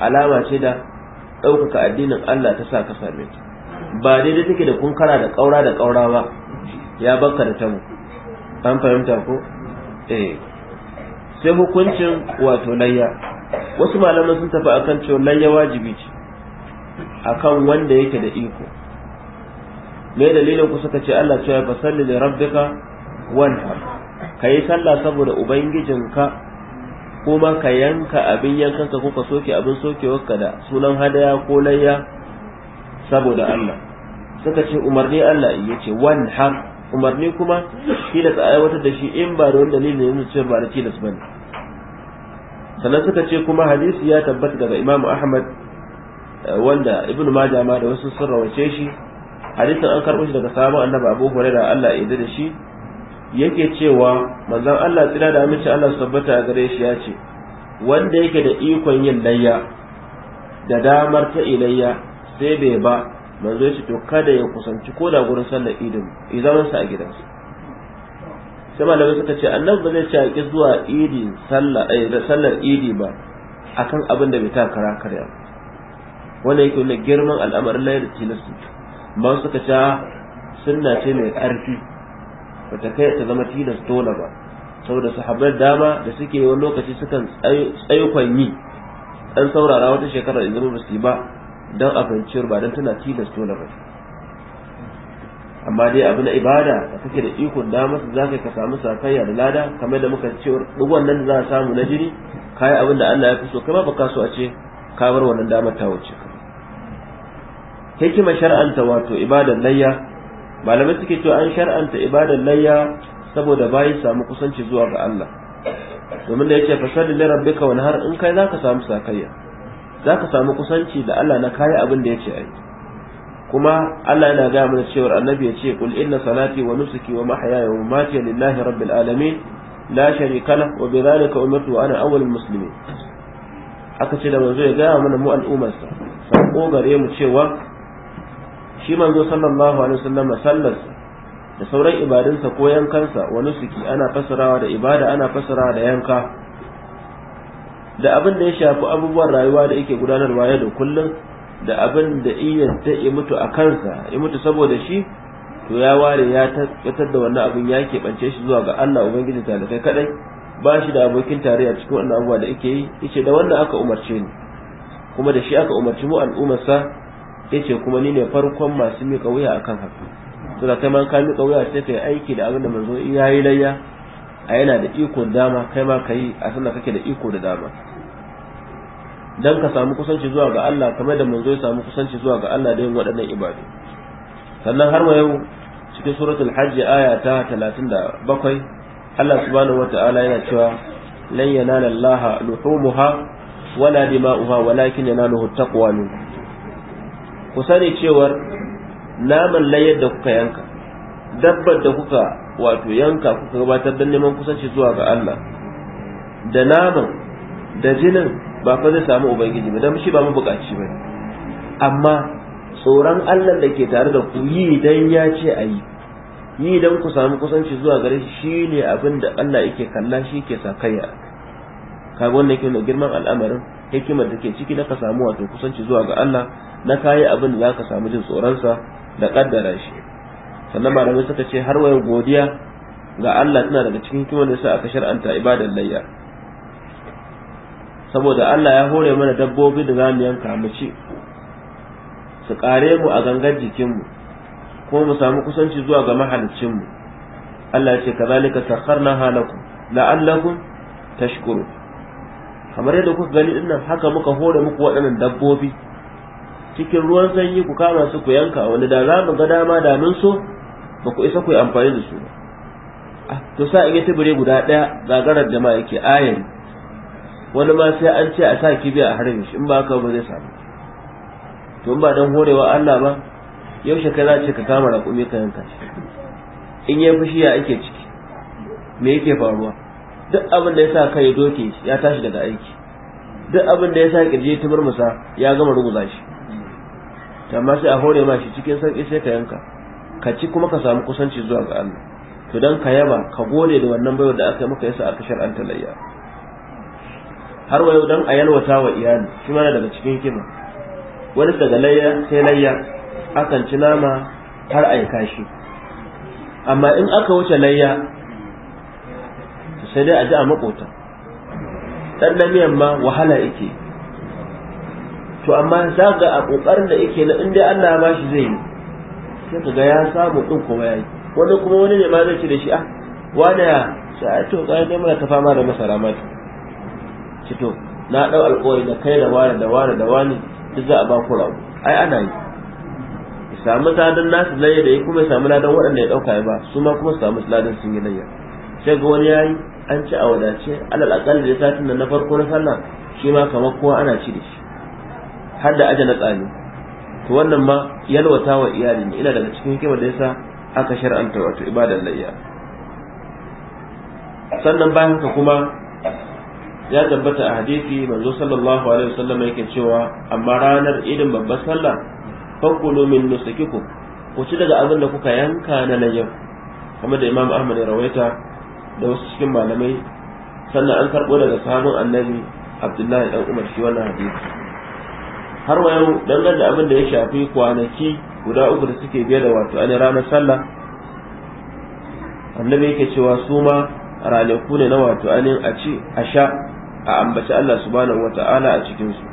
alama ce da ɗaukaka addinin Allah ta sa ka same ta ba daidai take da kunkara da ƙaura da ƙaura ba ya bakka da tabu an fahimta ko eh sai hukuncin wato layya wasu malaman sun tafi akan cewa layya wajibi ce akan wanda yake da iko me dalilin ku suka ce Allah ya fa salli li rabbika wanhar kai sallah saboda ubangijinka kuma ka yanka abin yankanka ko ka soke abin sokewarka da sunan hadaya ko layya saboda Allah suka ce umarni Allah yace ce wanhar umarni kuma tilasta a aiwatar da shi in ba da wani dalilin ne cewa ba da tilas ba ne sannan suka ce kuma hadisi ya tabbata daga imamu ahmad eh, wanda ibn majah ma da wasu sun rawace shi hadisin an karɓo shi daga sahabban annabi abu hurairah Allah ya da shi yake cewa manzon Allah tsira da aminci Allah su tabbata a gare shi ya ce wanda yake da ikon yin layya da damar ta ilayya sai bai ba manzo ya ce to kada ya kusanci ko da gurin sallar idin sa a gidansa sai malamai suka ce annab ba zai ce ki zuwa idi ai eh, da sallar idi ba akan abin da bai ta kara karya wanda yake wani girman al'amarin layar tilasu ba suka ce ah, sunna ce mai ƙarfi ba ta kai ta zama tilas dole ba saboda sahabbai dama da suke wani lokaci sukan tsayukan yi ɗan saurara wata shekara da zama ba su yi ba don a fahimciyar ba don tana tilas tona ba amma dai abu na ibada da kake da ikon damar masa za ka samu sakayya da lada kamar da muka ce duk wannan da za a samu na jini kayi abin da Allah ya fi so kama ba so a ce ka bar wannan damar ta wuce ka hikimar shar'anta wato ibadar layya malamai suke cewa an shar'anta ibadar layya saboda bayi samu kusanci zuwa ga Allah domin da yake da li rabbika wani har in kai za ka samu sakayya za ka samu kusanci da Allah na kayi abin da ya ce ai kuma Allah yana gaya mana cewar annabi ya ce kul inna salati wa nusuki wa mahyaya wa mamati lillahi rabbil alamin la sharika lahu wa bidhalika umirtu wa ana awwalul muslimin aka ce da manzo ya gaya mana mu al'ummarsa sa sako gare mu cewa shi manzo sallallahu alaihi wasallam sallar da sauran ibadunsa ko yankansa wa nusuki ana fasarawa da ibada ana fasarawa da yanka da abin da ya shafi abubuwan rayuwa da yake gudanarwa yau da kullum da abin da ta yi mutu a kansa ya mutu saboda shi to ya ware ya tattar da wannan abin ya ke keɓance shi zuwa ga Allah ubangiji talakai kaɗai, ba shi da abokin tarayya cikin wannan abubuwa da yake yi yace da wannan aka umarce ni kuma da shi aka umarci mu al'ummarsa yace kuma ni ne farkon masu mika wuya akan haka to da kai ma ka mika wuya sai kai aiki da abin da manzo yayi layya a yana da iko dama kai ma kai a sanar kake da iko da dama dan ka samu kusanci zuwa ga Allah kamar da manzo ya samu kusanci zuwa ga Allah da yin waɗannan ibadu sannan har wa yau cikin suratul hajj aya ta 37 Allah subhanahu wata'ala yana cewa lan yanala Allah luhumuha wala dima'uha walakin yanaluhu taqwa minkum ku sani cewar naman layar da kuka yanka dabbar da kuka wato yanka kuka gabatar da neman kusanci zuwa ga Allah da naman da jinin ba fa zai samu ubangiji ba dan shi ba mu bukaci ba amma tsoron Allah da ke tare da ku yi dan ya ce a yi yi dan ku samu kusanci zuwa gare shi shine abin da Allah yake kalla shi ke sa kai kaga wannan yake girman al'amarin hikimar da ke ciki na ka samu wato kusanci zuwa ga Allah na kayi abin da zaka samu jin sa da kaddara shi sannan malamai suka ce har wayar godiya ga Allah tana daga cikin hikimar da sa aka shar'anta ibadar layya saboda Allah ya hore mana dabbobi da zamu yanka mu ci su kare mu a gangar jikin mu ko mu samu kusanci zuwa ga mu Allah ya ce kazalika sakharna na la'allakum tashkuru kamar yadda kuka gani nan, haka muka hore muku waɗannan dabbobi cikin ruwan sanyi ku kama su ku yanka wanda da za mu ga dama da mun so ba ku isa ku yi amfani da su ba ah, to sa in yi guda ɗaya gagarar jama'a yake ayari wani ma sai an ce a sa kibiya a harin shi in ba haka ba zai samu to in ba dan horewa Allah ba yaushe kai za ce ka kama raƙumi ka yanka shi in ya fushi ya ake ciki me yake faruwa duk abin da ya sa kai doke ya tashi daga aiki duk abin da ya sa kirje ta murmusa ya gama ruguza shi amma sai a hore ma shi cikin sarki sai ka yanka ka ci kuma ka samu kusanci zuwa ga Allah to dan ka yaba ka gode da wannan baiwar da aka yi maka yasa aka shar'anta layya har wa yau dan a yalwata wa iyali shi mana daga cikin kima wani daga layya sai layya akan ci nama har aika kashi amma in aka wuce layya sai dai a ji a makota dan miyan ma wahala yake to amma za ga a kokarin da yake na inda Allah ya shi zai yi sai ka ga ya samu din kuma yayi wani kuma wani ne ma zai ci da shi ah wani ya sai to ga dai muna ta fama da masara mata ci to na dau alƙawari na kai da wani da wani da wani duk za a ba ku rabu ai ana yi ya samu ladan nasu layya da ya kuma ya samu ladan waɗanda ya ɗauka ya ba su ma kuma su samu ladan sun yi layya sai ga wani yayi an ci a wadace alal aqalli da satin nan na farko na sallah shi ma kamar kowa ana ci da shi har da aje na tsani to wannan ma yalwata wa iyali ne ina daga cikin hikimar da yasa aka shar'anta wato ibadar layya sannan bayan ka kuma ya tabbata a hadisi manzo sallallahu alaihi wasallam yake cewa amma ranar idin babbar sallah fakulu min nusukikum ku ci daga abin da kuka yanka na layyaf kamar da imam ahmad ya rawaita da wasu cikin malamai sannan an karbo daga sahabin annabi abdullahi dan umar shi wannan hadisi har wa yau da abin da ya shafi kwanaki guda uku da suke biya da wato an ranar sallah annabi yake cewa su ma ranaku ne na wato anin a ci a sha a ambaci Allah subhanahu wata'ala a cikin su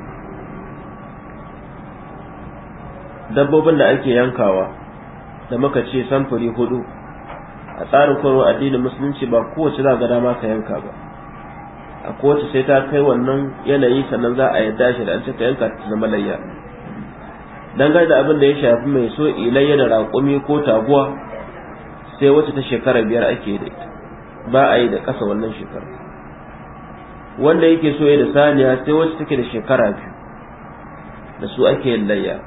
dabbobin da ake yankawa da muka ce samfuri hudu a tsarin koyarwar addinin musulunci ba kowace za ga dama ka yanka ba a kowace sai ta kai wannan yanayi sannan za a yadda shi da an cika yanka ta zama layya dangane da abin da ya shafi mai so ilayya da raƙumi ko taguwa sai wacce ta shekara biyar ake da ita ba a yi da ƙasa wannan shekara wanda yake so ya da saniya sai wacce take da shekara biyu da su ake yin layya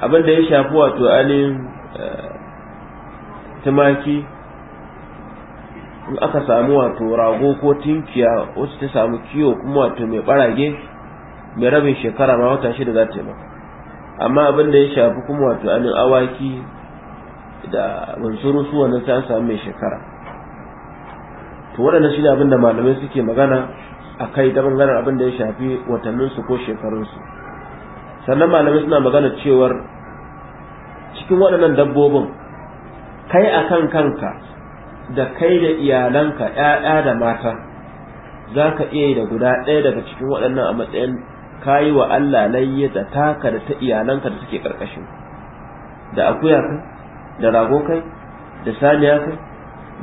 abin da ya shafi wato ainihin eh, tumaki in aka samu wato rago ko tinkiya wacce ta samu kiwo kuma wato mai barage mai rabin shekara ma wata shida za ta yi maka amma abin da ya shafi kuma wato ainihin awaki da bunsuru su wannan ta samu mai shekara to waɗannan shi ne abin da malamai suke magana a kai ta bangaren abin da ya shafi watanninsu ko shekarunsu sannan malamai suna magana cewar cikin waɗannan dabbobin kai a kan kanka da kai da iyalanka ‘ya'ya da mata za ka iya yi da guda ɗaya daga cikin waɗannan a matsayin kayi wa Allah layya da taka da ta iyalanka da suke ƙarƙashin da akuya kai da rago kai da saniya kai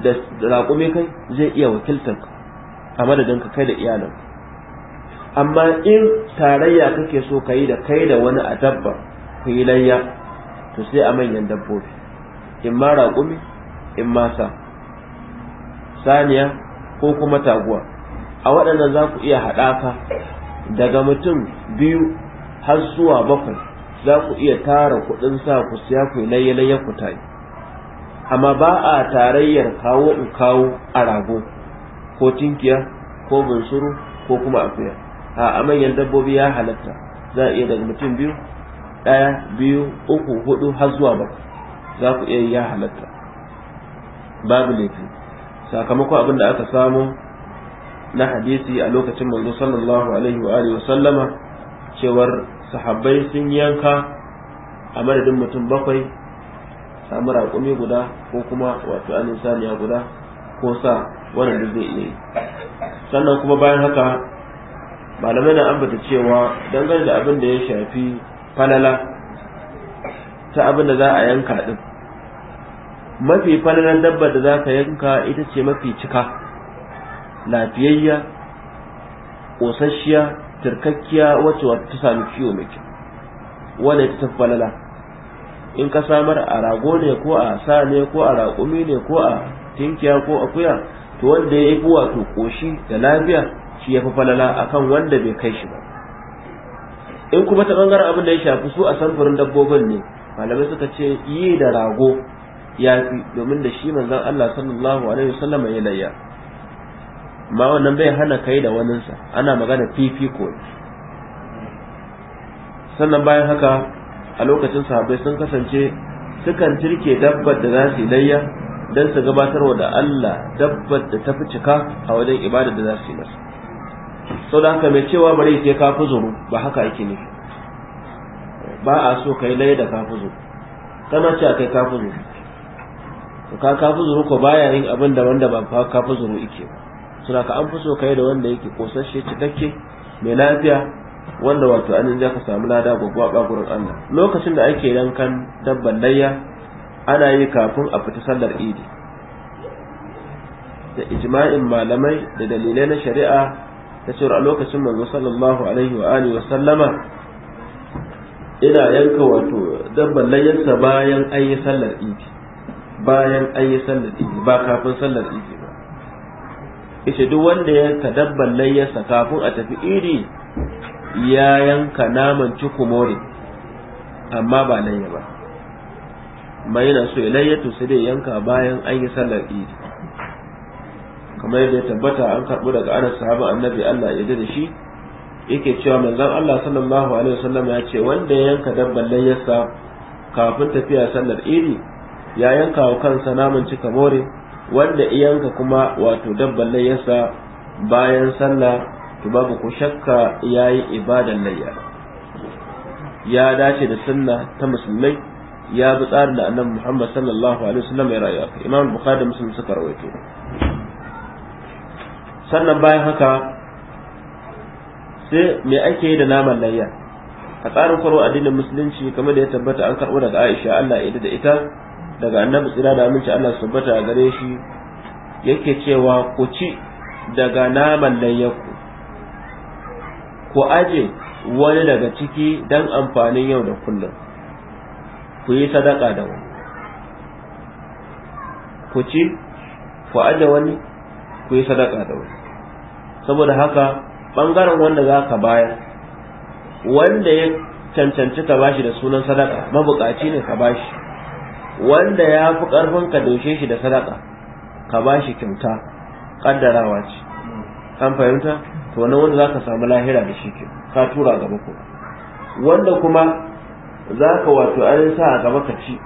da raƙumi kai zai iya wakiltar a madadin ka kai da iyalin amma in tarayya kake so ka yi da kai da wani a dabba ku yi layya to sai a manyan dabbobi in ma raƙumi in ma sa saniya ko kuma taguwa a waɗannan za ku iya haɗaka daga mutum biyu har zuwa bakwai za ku iya tara kuɗin sa ku siya ku yi layya layya ku tayi amma ba a tarayyar kawo in kawo a rago ko tinkiya ko bunsuru ko kuma akuya a manyan dabbobi ya halatta za a iya daga mutum biyu ɗaya biyu uku hudu har zuwa bakwai za ku iya ya halatta babu laifi sakamakon abin da aka samu na hadisi a lokacin manzo sallallahu alaihi wa alihi sallama cewar sahabbai sun yanka a madadin mutum bakwai samu raƙumi guda ko kuma wato anin saniya guda ko sa wannan duk zai yi sannan kuma bayan haka malamai na ambata cewa dangane da abin da ya shafi falala ta abin da za a yanka din mafi falalan dabbar da za ka yanka ita ce mafi cika lafiyayya ƙosasshiya turkakkiya wacce ta sami kiwo mai kyau wanda ita ta falala in ka samar a rago ne ko a sa ne ko a raƙumi ne ko a tinkiya ko akuya to wanda ya yi buwa to ƙoshi da lafiya shi ya fi falala akan wanda bai kai shi ba in kuma ta ɓangaren abin da ya shafi su a samfurin dabbobin ne malamai suka ce yi da rago ya fi domin da shi manzon Allah sallallahu alaihi wasallam ya layya ma wannan bai hana kai da waninsa ana magana fifiko sannan bayan haka a lokacin sahabbai sun kasance sukan tirke dabbar da za su yi layya don su gabatarwa da Allah dabbar da ta fi cika a wajen ibada da za su yi masa sau da haka mai cewa bari sai ka zuru ba haka ake ne ba a so kai layya da ka fi zuru kana cewa kai ka fi zuru to ka ka zuru ko baya yin abin da wanda ba ka fi zuru yake ba suna ka an fi so kai da wanda yake kosashe cikakke mai lafiya wanda wato an za ka samu lada a gurin Allah lokacin da ake yankan dabban layya ana yi kafin a fita sallar idi da ijma'in malamai da dalilai na shari'a ta cewa a lokacin manzo sallallahu alaihi wa alihi wa sallama ina yanka wato dabban layyarsa bayan an yi sallar idi bayan an yi sallar idi ba kafin sallar idi ba ita duk wanda ya dabban layyarsa kafin a tafi idi ya yanka naman cikumori amma ba layya ba amma yana so ya layyato sai dai yanka bayan an yi sallar idi kamar yadda ya tabbata an karɓi daga ana sahaba annabi Allah ya da shi yake cewa manzon Allah sallallahu alaihi wasallam ya ce wanda ya yanka dabban layyarsa kafin tafiya sallar idi ya yanka wa kansa naman cika more wanda iyanka kuma wato dabban layyarsa bayan sallah to babu ko shakka yayi ibadan layya ya dace da sunna ta musulmai ya bi tsarin da annabi Muhammad sallallahu alaihi wasallam ya rayu ka Imam Bukhari da Muslim suka rawaito sannan bayan haka sai me ake yi da naman layya a tsarin kwarwa addinin musulunci kamar da ya tabbata an karɓo daga Aisha Allah ya da ita daga annabi tsira da aminci Allah su tabbata a gare shi yake cewa ku ci daga naman layyaku ku aje wani daga ciki don amfanin yau da kullum ku yi sadaka da wani ku ci ku aje wani ku yi sadaka da wani saboda haka ɓangaren wanda za ka bayar wanda ya cancanci ka bashi da sunan sadaka mabukaci ne ka bashi wanda ya fi karfin ka doshe shi da sadaka ka bashi kyauta ƙaddarawa ce an fahimta to wannan wanda zaka samu lahira da shi ke ka tura gaba ko wanda kuma zaka wato an sa a gaba ka ci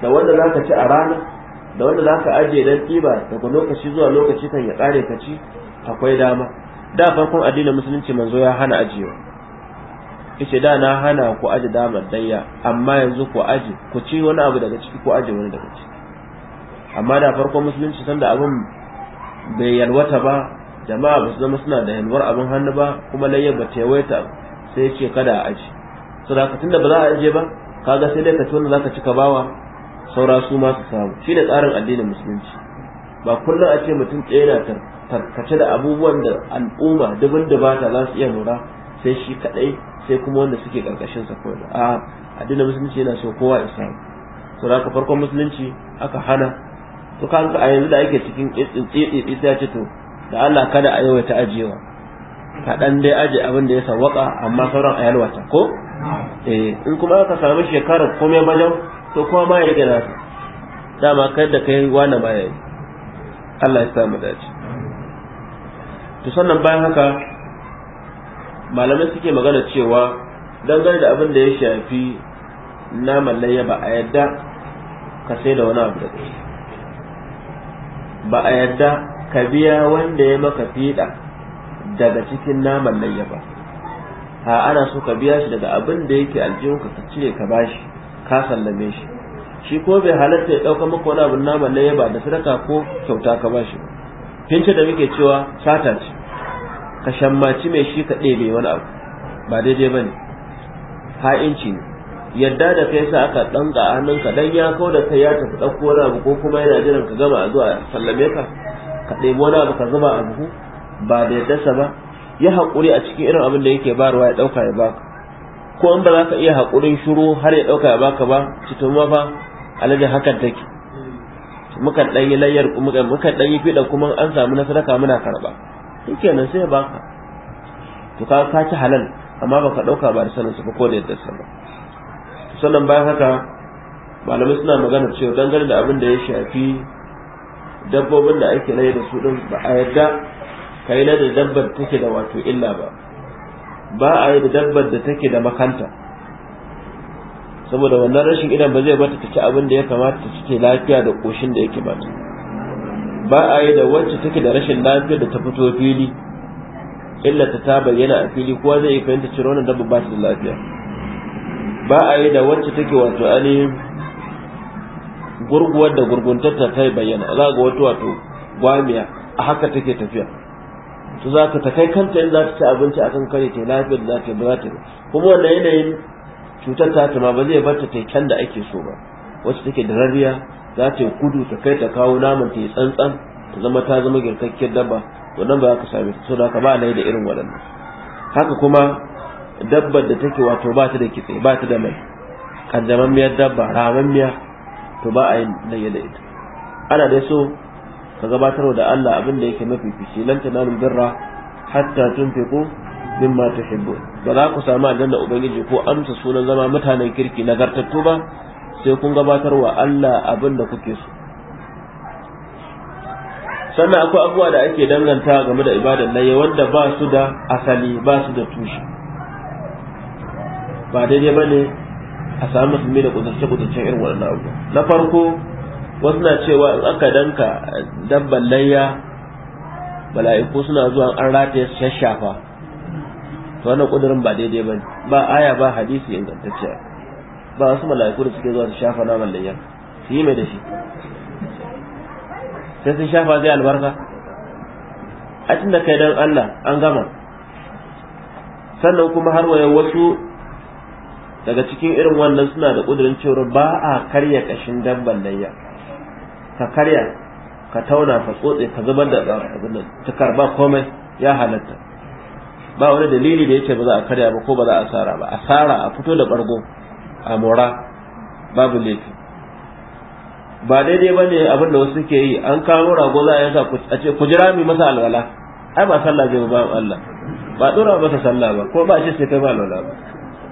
da wanda zaka ci a rana da wanda zaka aje dan kiba daga lokaci zuwa lokaci kan ya kare ka ci akwai dama da farkon addinin musulunci manzo ya hana ajiyewa ce da na hana ku aje damar dayya amma yanzu ku aje ku ci wani abu daga ciki ko aje wani daga ciki amma da farkon musulunci sanda abin bai yalwata ba jama'a ba su zama suna da yalwar abin hannu ba kuma layyar ba ta yawaita sai ya ce kada a aji so da ba za a aje ba kaga sai dai ka ci wanda zaka cika bawa saura su ma su samu shine tsarin addinin musulunci ba kullum a ce mutum tsaye na tarkace da abubuwan da al'umma dubin ta za su iya lura sai shi kadai sai kuma wanda suke karkashin sa kawai a addinin musulunci yana so kowa ya samu to farkon musulunci aka hana to kan a yanzu da ake cikin tsitsi eh, eh, eh, sai ya ce to da Allah kada a yawaita ajiyewa kaɗan dai aji abin da ya sawwaka amma sauran a yalwata ko eh in kuma aka samu shekarar komai bajan to kuma ma ya rike nasa dama kai da kai wani ma ya yi Allah ya samu dace to sannan bayan haka malamai suke magana cewa dangane da abin da ya shafi naman layya ba a yadda ka sai da wani abu da ba a yadda ka biya wanda ya maka fiɗa daga cikin naman layyafa ha ana so ka biya shi daga abin da yake aljihunka ka cire ka bashi ka sallame shi shi ko bai halarta ya ɗauka maka wani abin naman ba da sadaka ko kyauta ka bashi fince da muke cewa sata ce ka shammaci mai shi ka ɗebe wani abu ba daidai ba ne ha'inci ne yadda da kai sa aka ɗanka a hannunka dan ya kawo da kai ya tafi ɗauko wani abu ko kuma yana jiran ka gama a zuwa sallame ka ka ɗebi wani abu ka zuba a buhu ba da dasa ba ya haƙuri a cikin irin abin da yake barwa ya ɗauka ya baka ko in ba za ka iya haƙurin shiru har ya ɗauka ya baka ba cikin ma fa alajin hakan take mukan ɗan yi layyar mukan ɗan yi fiɗa kuma an samu na sadaka muna karɓa kenan sai ya baka to ka ka ci halal amma ba ka ɗauka ba da sanin su ba ko da yadda ba sannan bayan haka malamai suna magana cewa dangane da abin da ya shafi dabbobin da ake laye da su din ba a yarda ka yi da dabbar take da wato illa ba ba a yi da dabbar da take da makanta saboda wannan rashin idan ba zai bata ta ci abin da ya kamata ta cike lafiya da koshin da yake bata ba a yi da wacce take da rashin lafiya da ta fito fili illa ta ta bayyana a fili kowa zai yi fahimta cire wannan dabba ba ta da lafiya ba a yi da wacce take wato ainihin gurguwar da gurguntarta ta bayyana za ga wata wato gwamiya a haka take tafiya to za ka ta kai kanta in za ta ci abinci akan kare ta lafiyar za ta ba ta kuma wannan yanayin cutar ta ta ma ba zai barta ta kyan da ake so ba wacce take da rariya za ta yi kudu ta kai ta kawo naman ta yi tsantsan ta zama ta zama girkakkiyar dabba wannan ba za ka same ta saboda ka ba da irin waɗannan haka kuma dabbar da take wato ba ta da kitse ba ta da mai kanjamammiyar dabba ramammiya to ba a yi layya da ita ana dai so ka gabatar da Allah abin da yake mafi fice lan nanu birra hatta tunfiqu mimma tuhibbu ba za ku samu aljanna ubangiji ko amsa sunan zama mutanen kirki na nagartattu ba sai kun gabatar wa Allah abin da kuke so sannan akwai abubuwa da ake danganta game da ibadar layya wanda ba su da asali ba su da tushe ba daidai bane a sami musulmi da kudurce-kudurcen irin waɗannan abu na farko wasu na cewa in aka danka dabban layya mala'iku suna zuwa an rataye su shashafa to wannan kudurin ba daidai ba ba aya ba hadisi ingantacciya ba wasu mala'iku da suke zuwa su shafa naman layya su yi mai da shi sai sun shafa zai albarka a cikin da kai don Allah an gama sannan kuma har waye wasu daga cikin irin wannan suna da ƙudurin cewar ba a karya ƙashin dabban layya ka karya ka tauna ka tsotse ka zubar da abin ta tukar ba komai ya halatta ba wani dalili da yake ba za a karya ba ko ba za a sara ba A sara a fito da bargo a mora babu laifi ba daidai ba ne abin da wasu ke yi an kawo rago za a yasa a ce ku jira mi masa alwala ai ba sallah ba ba Allah ba dora masa sallah ba ko ba ce sai kai ba alwala ba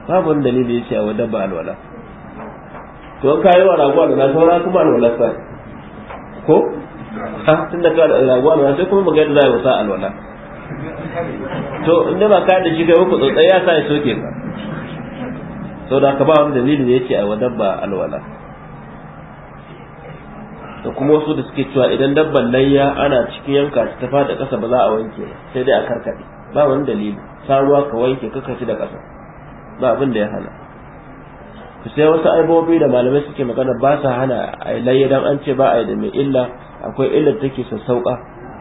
babu wani dalili ya ce a wadda ba alwala to an kayi wa da alwala saura kuma alwala sa ko ha tun da ka raguwa da sai kuma magana za a yi sa alwala to inda ba ka da shi kai uku tsotsai ya sa ya soke ka sau da ka ba wani dalili da ya ce a wadda ba alwala da kuma wasu da suke cewa idan dabban layya ana cikin yanka ta da ƙasa ba za a wanke sai dai a karkaɗe ba wani dalili sa ruwa ka wanke ka kashi da ƙasa ba abin da ya hana sai wasu aibobi da malamai suke magana ba sa hana a layya dan an ce ba a yi da mai illa akwai illar take sassauka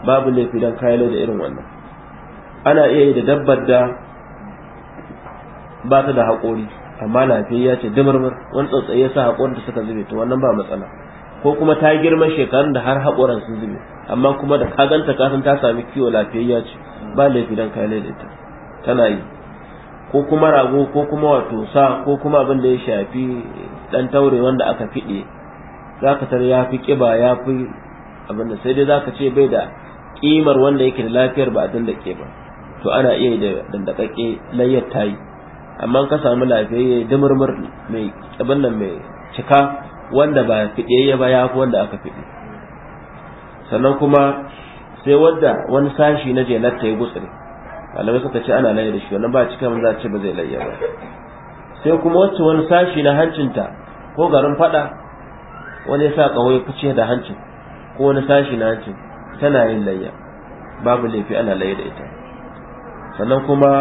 babu laifi dan kayan da irin wannan ana iya yi da dabbar da ba ta da haƙori amma lafiyayya ce dumarmar wani tsautsayi ya sa haƙorin da suka zube to wannan ba matsala ko kuma ta girma shekarun da har haƙoran sun zube amma kuma da kaganta kasan ta sami kiwo lafiyayya ce ba laifi dan kayan da ita tana yi ko kuma rago ko kuma wato sa ko kuma abin da ya shafi dan taure wanda aka fiɗe za ka tar ya fi ƙiba ya fi abin da sai dai za ka ce bai da ƙimar wanda yake da lafiyar ba a dandake ba to ana iya yi da dandakakke layyar yi. amma ka samu lafiyayye murmur mai abin nan mai cika wanda ba fiɗe ba ya fi wanda aka fiɗe sannan kuma sai wadda wani sashi na jelar ta yi gutsiri malamai suka ce ana layya da shi wannan ba cika mun za a ce ba zai layya ba sai kuma wacce wani sashi na hancinta ko garin fada wani ya sa kawai fice da hancin ko wani sashi na hancin tana yin layya babu laifi ana layya da ita sannan kuma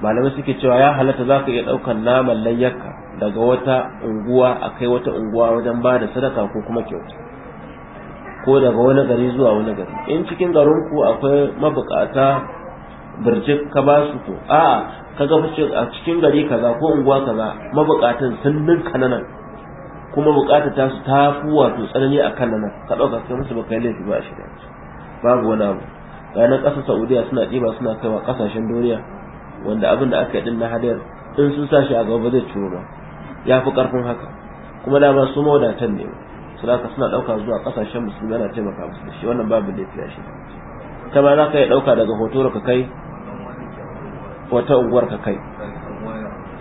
malamai suke cewa ya halatta za ka iya ɗaukar naman layyarka daga wata unguwa a kai wata unguwa wajen ba da sadaka ko kuma kyauta ko daga wani gari zuwa wani gari in cikin garinku akwai mabukata birjik ka ba su to a kaga a cikin gari kaza ko unguwa kaza mabukatan sun ninka nan kuma bukata ta su ta fi wato tsanani a kan nan ka ɗauka kai musu baka yi laifi ba a shirya babu wani abu ranar ƙasar saudiya suna ɗiba suna kaiwa ƙasashen duniya wanda abin da aka yi din na hadayar in sun sa shi a gaba zai ciwo ba ya fi ƙarfin haka kuma dama su mawadatan ne saboda suna dauka zuwa kasashen musulmi ana taimaka musu da shi wannan babu laifi a shi ta za ka yi dauka daga hoto ka kai wata unguwar ka kai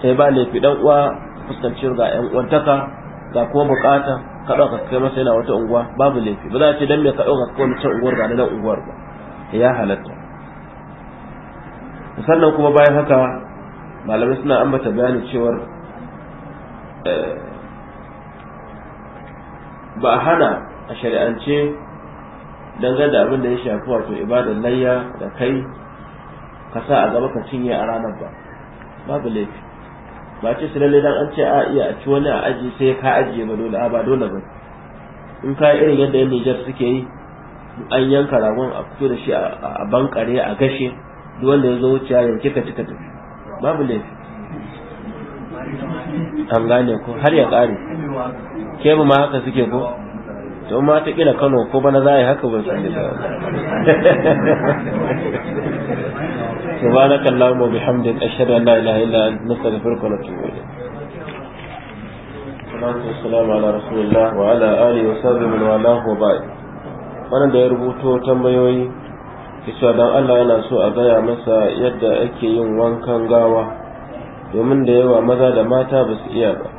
sai ba laifi dan uwa fuskanci ga yan uwantaka ga kuma bukata ka dauka kai masa yana wata unguwa babu laifi ba za a ce dan me ka dauka kai wata unguwar ga nan unguwar ba ya halatta sannan kuma bayan haka malamai suna ambata bayanin cewar eh, ba hana a shari'ance dangane da abin da ya shafi wato ibadar layya da kai ka sa a gaba ka cinye a ranar ba babu laifi ba ce su dan an ce a iya a ci wani a aji sai ka ajiye ba dole ba dole ba in ka irin yadda yan Nijar suke yi an yanka ragon a fito da shi a bankare a gashe duk wanda ya zo wuciya yanke ka cika tafi babu laifi an gane ko har ya kare kemu ma haka suke ko to ma ta kila kano ko bana za a yi haka ba ban san da سبحانك اللهم وبحمدك أشهد أن لا إله إلا أنت نستغفرك ونتوب إليك salatu wassalamu ala rasulillah wa ala alihi wa sahbihi wa ala wa ba'd wannan da ya rubuto tambayoyi cewa dan Allah yana so a gaya masa yadda ake yin wankan gawa domin da yawa maza da mata ba su iya ba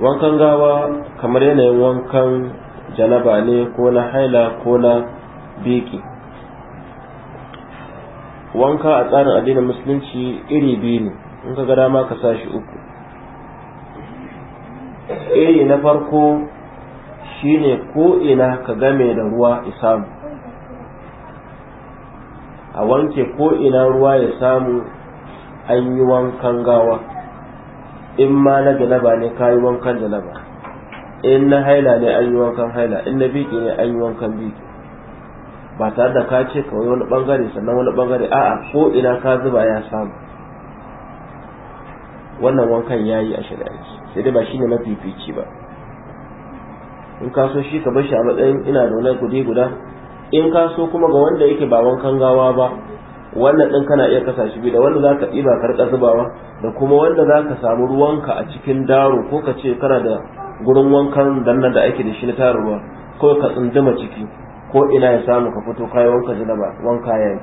wankan gawa kamar yanayin wankan janaba ne ko na haila ko na biki wanka a tsarin addinin musulunci iri biyu ne in ka gada ma ka sa shi uku iri na farko shine ko ina ka game da ruwa ya samu a wanke ko ina ruwa ya samu an yi wankan gawa in ma na janaba ne kayi wankan janaba in na haila ne an yi wankan haila in na biki ne an yi wankan biki ba tare da ka ce kawai wani bangare sannan wani bangare a'a ko ina ka zuba ya samu wannan wankan ya yi a shari'arci sai dai ba shi shine mafifici ba in ka so shi ka bar shi a matsayin ina da wani guda in ka so kuma ga wanda yake ba wankan gawa ba wannan din kana iya kasa shi da wanda za ka ɗiba karka zubawa da kuma wanda za ka samu ruwanka a cikin daro ko ka ce kana da gurin wankan danna da ake da shi na tara ruwa ko ka tsunduma ciki ko ina ya samu ka fito kai wanka janaba wanka ya yi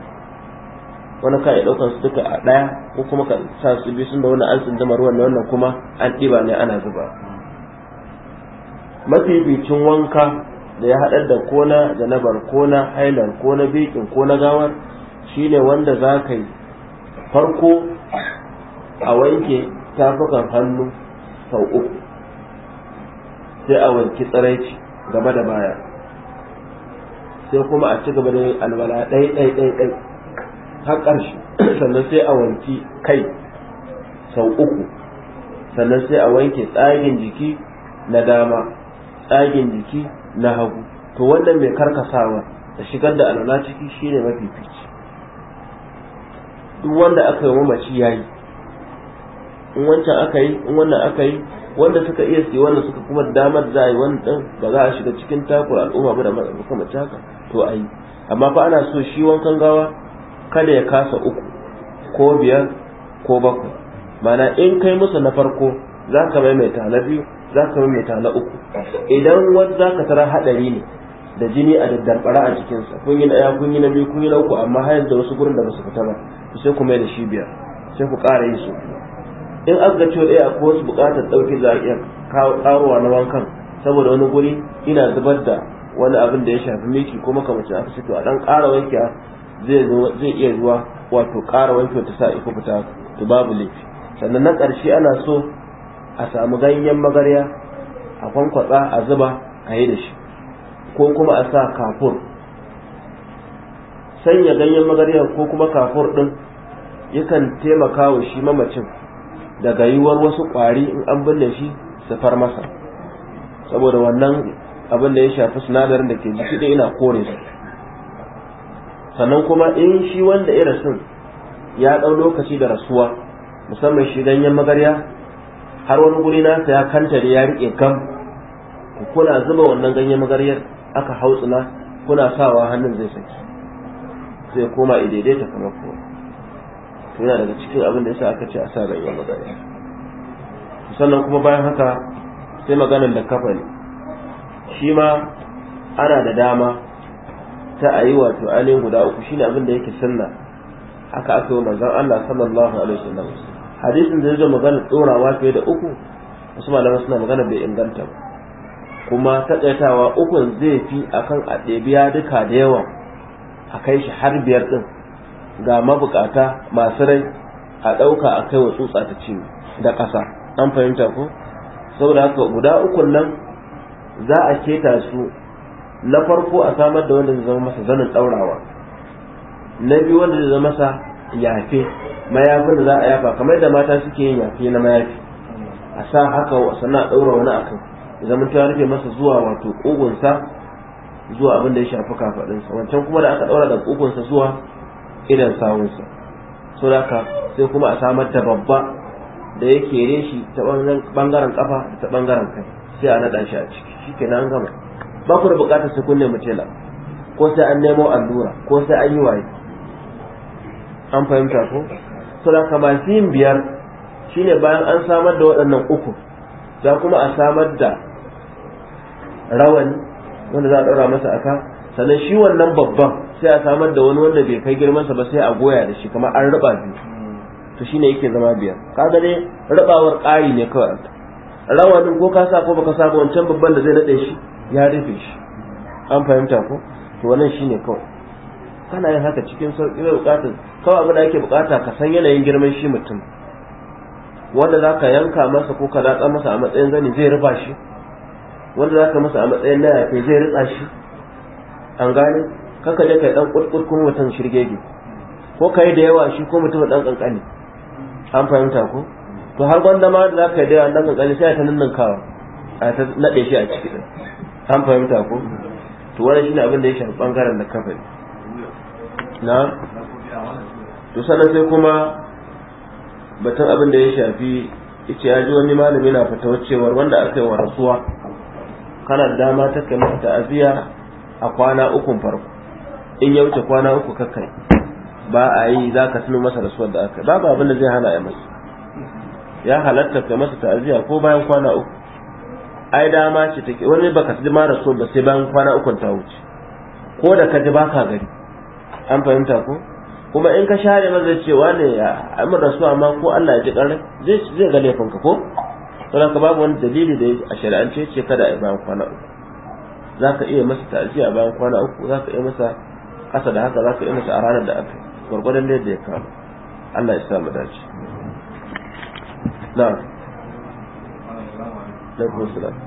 wani ka su duka a ɗaya ko kuma ka sa su bi sun da wani an tsunduma ruwan da wannan kuma an ɗiba ne ana zuba mafificin wanka da ya haɗar da kona janabar ko hailar bekin ko na gawar shine wanda za ka yi farko a wanke tafukan hannu sau uku sai a wanki tsiraici gaba da baya sai kuma a ci gaba da yin alwala ɗai ɗai ɗai ɗai har ƙarshe sannan sai a wanki kai sau uku sannan sai a wanke tsagin jiki na dama tsagin jiki na hagu to wannan mai karkasawa da shigar da alwala ciki shine mafi fici duk wanda aka yi mamaci ya yi in wancan aka yi in wannan aka yi wanda suka iya siye wanda suka kuma damar za a yi ɗan, ba za a shiga cikin takura al'umma ba da mace haka to a yi amma fa ana so shi wankan gawa kada ya kasa uku ko biyar ko bakwai mana in kai musu na farko za ka maimaita na biyu za ka maimaita na uku idan wani za ka tara haɗari ne da jini a daddarɓara a jikinsa kun yi na ɗaya kun yi na biyu kun yi na uku amma har da wasu gurin da ba su fita ba sai ku mai da shi biyar sai ku ƙara yin su in aka cewa ɗaya a kowace buƙatar ɗauki za a iya ƙaruwa na wankan saboda wani guri ina zubar da wani abin da ya shafi miki ko makamacin aka ce a ɗan ƙara wanke zai iya zuwa wato ƙara wanke ta sa iko fita to babu laifi sannan na ƙarshe ana so a samu ganyen magarya a kwankwatsa a zuba a yi da shi ko kuma a sa kafur sanya ganyen magarya ko kuma kafur ɗin, yakan taimaka wa shi mamacin daga yiwuwar wasu ƙwari in an binne shi su far masa saboda wannan abin da ya shafi sinadarin da ke jiki da ina kore su sannan kuma in shi wanda ya rasu ya ɗau lokaci da rasuwa musamman shi ganyen magarya har wani guri nasa ya kanta da ya riƙe gam kuna zuba wannan ganyen magaryar aka hau hautsina kuna sawa hannun zai saki sai koma ya daidaita kamar kuma to yana daga cikin abin da yasa aka ce a sa rai magana sannan kuma bayan haka sai maganar da kafa ne shi ma ana da dama ta a yi wato ainihin guda uku shine abin da yake sanna haka aka yi manzan Allah sallallahu alaihi wasallam hadisin da ya zo magana tsorawa fiye da uku wasu malamai suna magana bai inganta ba kuma taƙaitawa ukun zai fi akan a ɗebiya duka da yawa a kai shi har biyar din ga mabukata masu rai a ɗauka a kai wa tsutsa ta ciwo da ƙasa an fahimta ko saboda haka guda ukun nan za a keta su na farko a samar da wanda zai zama masa zanin ɗaurawa na biyu wanda zai zama masa yafe mayafin da za a yafa kamar da mata suke yin yafe na mayafi a sa haka sannan a ɗaura wani akan zama ta rufe masa zuwa wato ƙugunsa zuwa abin da ya shafi kafaɗinsa wancan kuma da aka ɗaura da ƙugunsa zuwa idan sawunsa saboda sai kuma a samar da babba da yake shi ta bangaren kafa ta bangaren kai sai a naɗa shi a ciki shikenan an gama ba ku da buƙatar su kunne mutela ko sai an nemo allura ko sai an yi waye an fahimta ko saboda ka masu yin biyar shine bayan an samar da waɗannan uku za kuma a samar da rawani wanda za a ɗaura masa aka sannan shi wannan babban sai a samar da wani wanda bai kai girmansa ba sai a goya da shi kamar an raba biyu to shine yake zama biyar kaga dai rabawar ƙari ne kawai rawanin ko ka sa ko baka sa ba wancan babban da zai nade shi ya rufe shi an fahimta ko to wannan shine kawai kana yin haka cikin sauƙi mai buƙatar kawai abin da ake buƙata ka san yanayin girman shi mutum wanda za ka yanka masa ko ka latsa masa a matsayin zani zai rufa shi wanda za ka masa a matsayin na yafe zai ritsa shi an gane kanka je kai dan kurkur kuma mutum shirgege ko kai da yawa shi ko mutum dan kankani an fahimta ko to har gwanda ma da za ka yi da yawa dan kankani sai ta ninninkawa a ta nade shi a ciki ɗin. an fahimta ko to wannan shine abin da ya shafi bangaren da kafari na to sannan sai kuma batun abin da ya shafi ice ya ji wani malami na fatawar cewar wanda aka yi wa rasuwa kana dama ta kai masa ta'aziyya a kwana ukun farko in ya wuce kwana uku kakai ba a yi za ka tuno masa rasuwar da aka babu abin da zai hana ya masa ya halatta kai masa ta'aziyya ko bayan kwana uku ai dama ce take wani baka ji ma rasuwar ba sai bayan kwana ukun ta wuce ko da ka ji baka gari an fahimta ko kuma in ka share maza cewa ne ya amur rasuwa ma ko Allah ya ji ƙarar zai ga laifinka ko saboda ka babu wani dalili da a shari'ance yake kada a yi bayan kwana uku za ka iya masa ta'aziyya bayan kwana uku za ka iya masa ƙasa da haka za ka iya masa a ranar da aka gwargwadon da yadda ya kama Allah ya samu mu dace na'am alaikum salam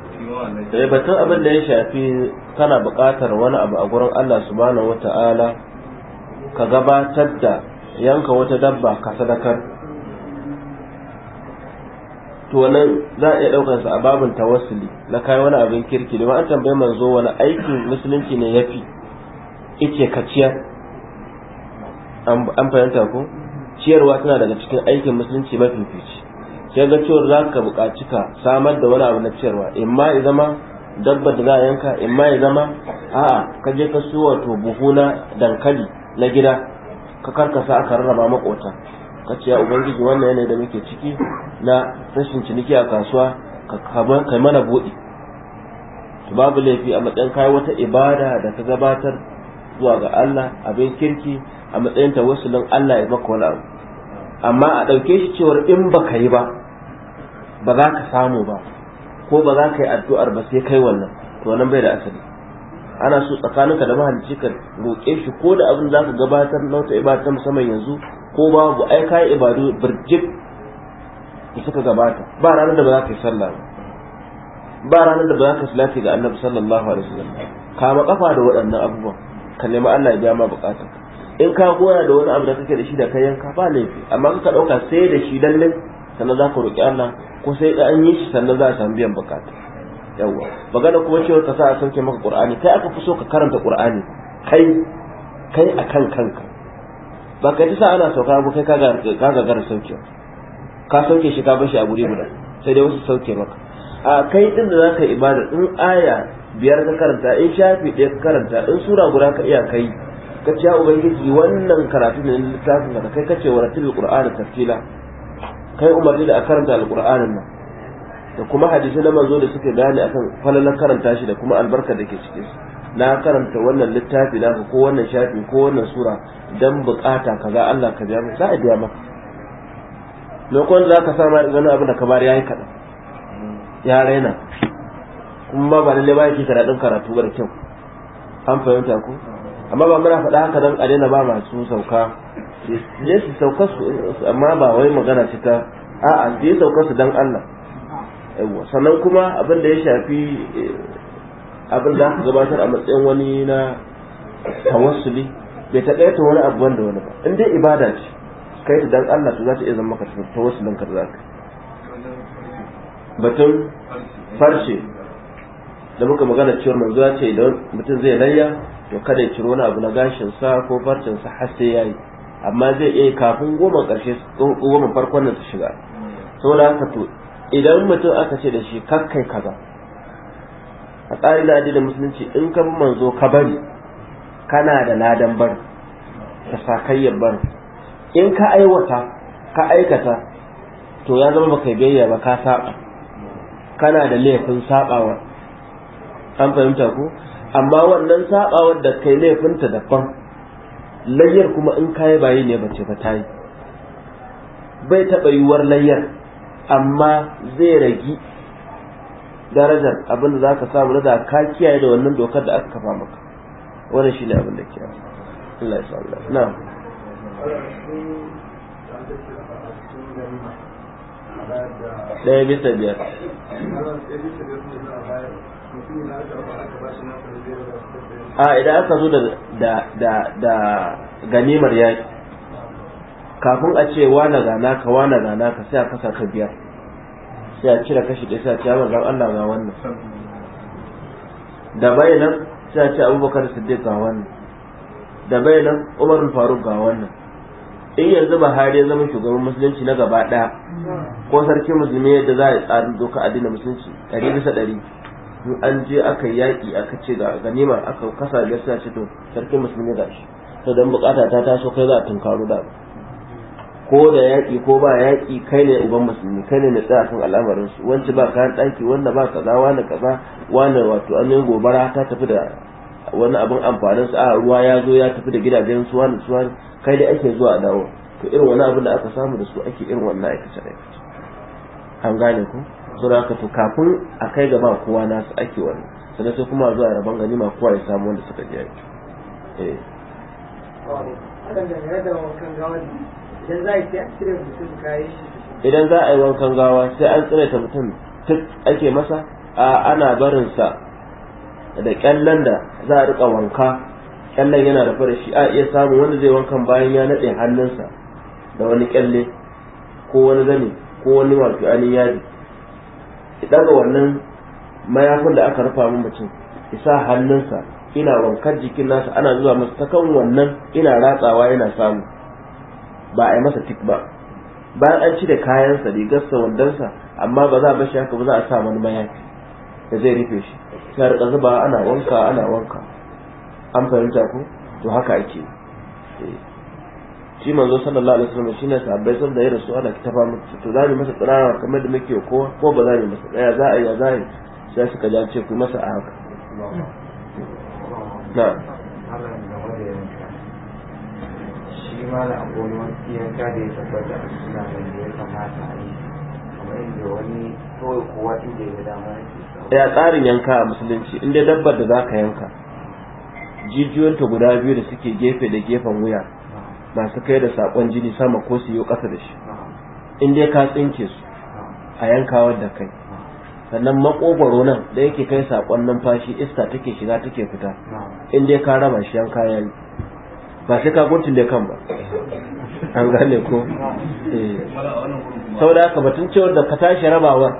eh batun abin da ya shafi kana buƙatar wani abu a gurin Allah subhanahu wata'ala ka gabatar da yanka wata dabba ka sadakar to wannan za a iya ɗaukar sa a babin tawassuli na kai wani abin kirki da an tambayi manzo wani aikin musulunci ne yafi yake ka an fahimta ko ciyarwa tana daga cikin aikin musulunci mafi mafifici sai ga cewar za ka buƙaci ka samar da wani abu na ciyarwa ma ya zama dabbar da za a yanka imma ya zama a'a ka je ka siyo wato buhu na dankali na gida ka karkasa aka rarraba makota ka ce ya ubangiji wannan yanayi da muke ciki na rashin ciniki a kasuwa ka mana buɗi to babu laifi a matsayin kai wata ibada da ta gabatar zuwa ga Allah abin kirki a matsayin ta wasu don Allah ya maka wani abu amma a ɗauke shi cewar in baka yi ba ba za ka samu ba ko ba za ka yi addu'ar ba sai kai wannan to wannan bai da asali ana so tsakaninka da mahalicci ka roƙe shi ko da abin za ka gabatar na wata ibada ta musamman yanzu ko babu ai kayi ibadu birjik da suka gabata ba ranar da ba za ka yi sallah ba ba ranar da ba za ka salati ga annabi sallallahu alaihi wasallam kama kafa da waɗannan abubuwan ka nemi Allah ya biya ma bukatar in ka goya da wani abu da kake da shi da kai yanka ba laifi amma ka ɗauka sai da shi lallai sannan za ka roƙi Allah ko sai an yi shi sannan za a samu biyan bukata yawa magana kuma cewa ka sa a sauke maka qur'ani kai aka fi so ka karanta qur'ani kai kai akan kanka ba kai ta sa ana sauka ba kai ka ga gara sauke ka sauke shi ka bashi a guri guda sai dai wasu sauke maka a kai din da zaka ibada in aya biyar ka karanta in shafi ɗaya ka karanta in sura guda ka iya kai ka ce ya ubangiji wannan karatu ne littafin ka kai kace wa ratil qur'ani tartila kai umarni da a karanta alkur'anin nan da kuma hadisi na manzo da suke bayani akan falalan karanta shi da kuma albarka da ke cikin su na karanta wannan littafi naka ko wannan shafi ko wannan sura dan bukata kaza Allah ka biya mu, za a biya maka lokacin za ka sama wani abu da ka bari yayi kaɗan ya raina kuma ba lalle ba yake karatun karatu ba da kyau an fahimta ku? amma ba muna faɗa haka dan a daina ba masu sauka je su sauka su amma ba wai magana ce ta a'a su yi sauka su dan Allah yawa sannan kuma abin da ya shafi eh, abin da aka gabatar a matsayin wani na tawassuli bai ta kaita wani abu wanda wani ba in dai ibada ce kai ta dan Allah to za ta iya zama ka tawassulin ka za ka batun farshe da muka magana cewar manzo ya ce idan mutum zai layya to kada ya ciro wani abu na gashin sa ko farcin sa har sai yayi amma zai iya kafin goma ƙarshe goma farkon nan su shiga saboda haka to idan mutum aka ce da shi kakkai kaza a tsarin na addinin musulunci in ka bi manzo ka bari kana da ladan bari ka sakayyar bari in ka aiwata ka aikata to ya zama baka biyayya ba ka saba kana da laifin sabawa an fahimta ko amma wannan sabawar da kai laifinta daban layyar kuma in kayi baye ne bace ba tayi bai taɓa yiwuwar layyar amma zai ragi darajar abinda zaka za ka samu da ka kiyaye da wannan dokar da aka kafa maka wannan shi abin da kiyaye Allah ya na ɗaya bisa biyar a idan aka zo da ganimar yaƙi kafin a ce wane gana ka wane gana ka sai a kasa ka biyar sai a cire kashi ɗaya sai a ce ya manzan Allah ga wannan da bayanan sai a ce abubakar siddiq ga wannan da bayanan umar faruk ga wannan in yanzu buhari ya zama shugaban musulunci na gaba ɗaya ko sarkin musulmi yadda za a yi tsarin doka addinin musulunci ɗari bisa ɗari in an je aka yaƙi aka ce ga ganima aka kasa biyar suna ce to sarkin musulmi ga shi to dan bukata ta taso kai za a tunkaru da ko da yaƙi ko ba yaƙi kai ne uban musulmi kai ne na tsaya kan al'amarin su wanda ba kayan ɗaki wanda ba kaza wanda kaza wani wato an gobara ta tafi da wani abin amfanin su a ruwa ya zo ya tafi da gidajen su wani su wani kai da ake zuwa a dawo to irin wani abin da aka samu da su ake irin wannan aikace aikace an gane ku sura to kafin a kai gaba kowa nasu ake wani, sannan sai kuma zuwa rabon ganima kowa ya samu wanda suka ji eh. idan za a yi wankan gawa sai an ta mutum ake masa a ana barinsa da kyallen da za a rika wanka kyallan yana da da shi a iya samun wanda zai wankan bayan ya naɗe hannunsa da wani kyalle ko wani zani ko wani wato anin yadi ya daga wannan mayafin da aka rufa min mutum ya sa hannunsa ina wankar jikin nasa ana zuwa masa ta kan wannan ina ratsawa yana samu ba a yi masa tik ba bayan an cire kayansa rigarsa wandansa amma ba za a bashi haka ba za a sa wani mayafi da zai rufe shi sai rika zuba ana wanka ana wanka an fahimta ko to haka ake eh. shi manzo sallallahu alaihi wasallam shine sahabbai sun da ya rasu ana kitaba musu to za mu masa tsirara kamar da muke ko ko ba za mu masa tsaya za a yi za a sai suka ja ce ku masa a haka na shi ma da wani da ya tabbata a da ya kamata a yi kamar inda wani kawai kowa inda ya dama yake ya tsarin yanka a musulunci inda dabbar da za ka yanka jijiyoyinta guda biyu da suke gefe da gefen wuya masu kai da sakon jini sama ko su yi ƙasa da shi in dai ka tsinke su a yankawar da kai sannan makogwaro nan da yake kai sakon numfashi iska take shiga take fita in dai ka raba shi yanka yayi ba shi ka gurtun da kan ba an gane ko eh. Sau da haka batun cewar da ka tashi rabawar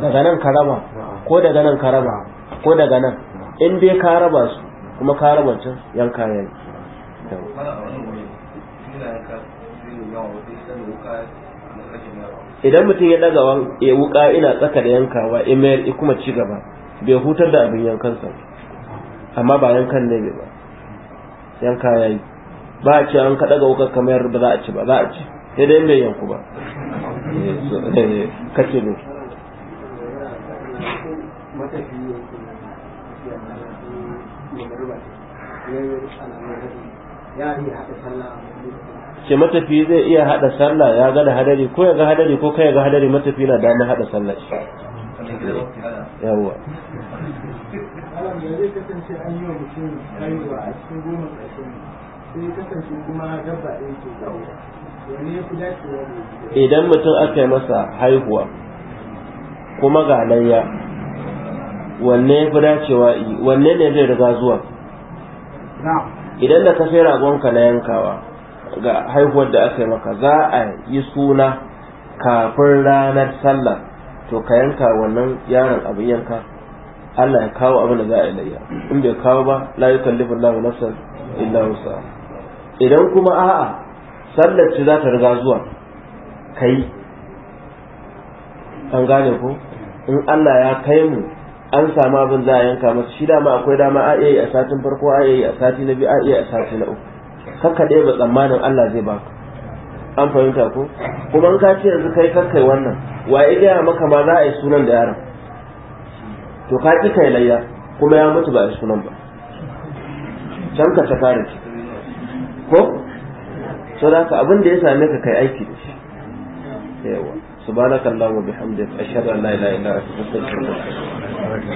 daga nan ka raba ko daga nan ka raba ko daga nan in dai ka raba su kuma ka raba can yanka yayi idan mutum ya daga ya wuka ina tsaka da yankawa ya kuma ci gaba bai hutar da abin yankansa amma ba yankan ne ba yanka ya yi ba a ce an ka ga wukar kamar ba za a ci ba za a ci sai dai mai yanku ba kace ne ya yi haɗa sallah ce matafi zai iya hada sallah ya ga da hadari ko ya ga hadari ko kai ya ga hadari matafi na dama hada sallah yawa idan mutum aka yi masa haihuwa kuma ga layya wanne ya fi dacewa wanne ne zai riga zuwa idan da ka sai ragonka na yankawa ga haihuwar da aka yi maka za a yi suna kafin ranar sallah to ka yanka wannan yaron abin yanka Allah ya kawo abin da za a yi in bai kawo ba la yukallifu Allahu nafsan illa wasa idan kuma a'a sallar ce za ta riga zuwa kai an gane ko in Allah ya kai mu an samu abin za a yanka masa shi dama akwai dama a iya yi a satin farko a iya yi a sati na biyu a iya yi a sati na uku kakka dai ba tsammanin Allah zai baka an fahimta ko kuma in ka ce yanzu kai kakkai wannan wa ya gaya maka ma za a yi sunan da yaron to ka ƙi kai layya kuma ya mutu ba a yi sunan ba can ka ta kare ki ko so da abin da ya same ka kai aiki da shi yawa wa bihamdika ashhadu an la ilaha illa anta astaghfiruka wa atubu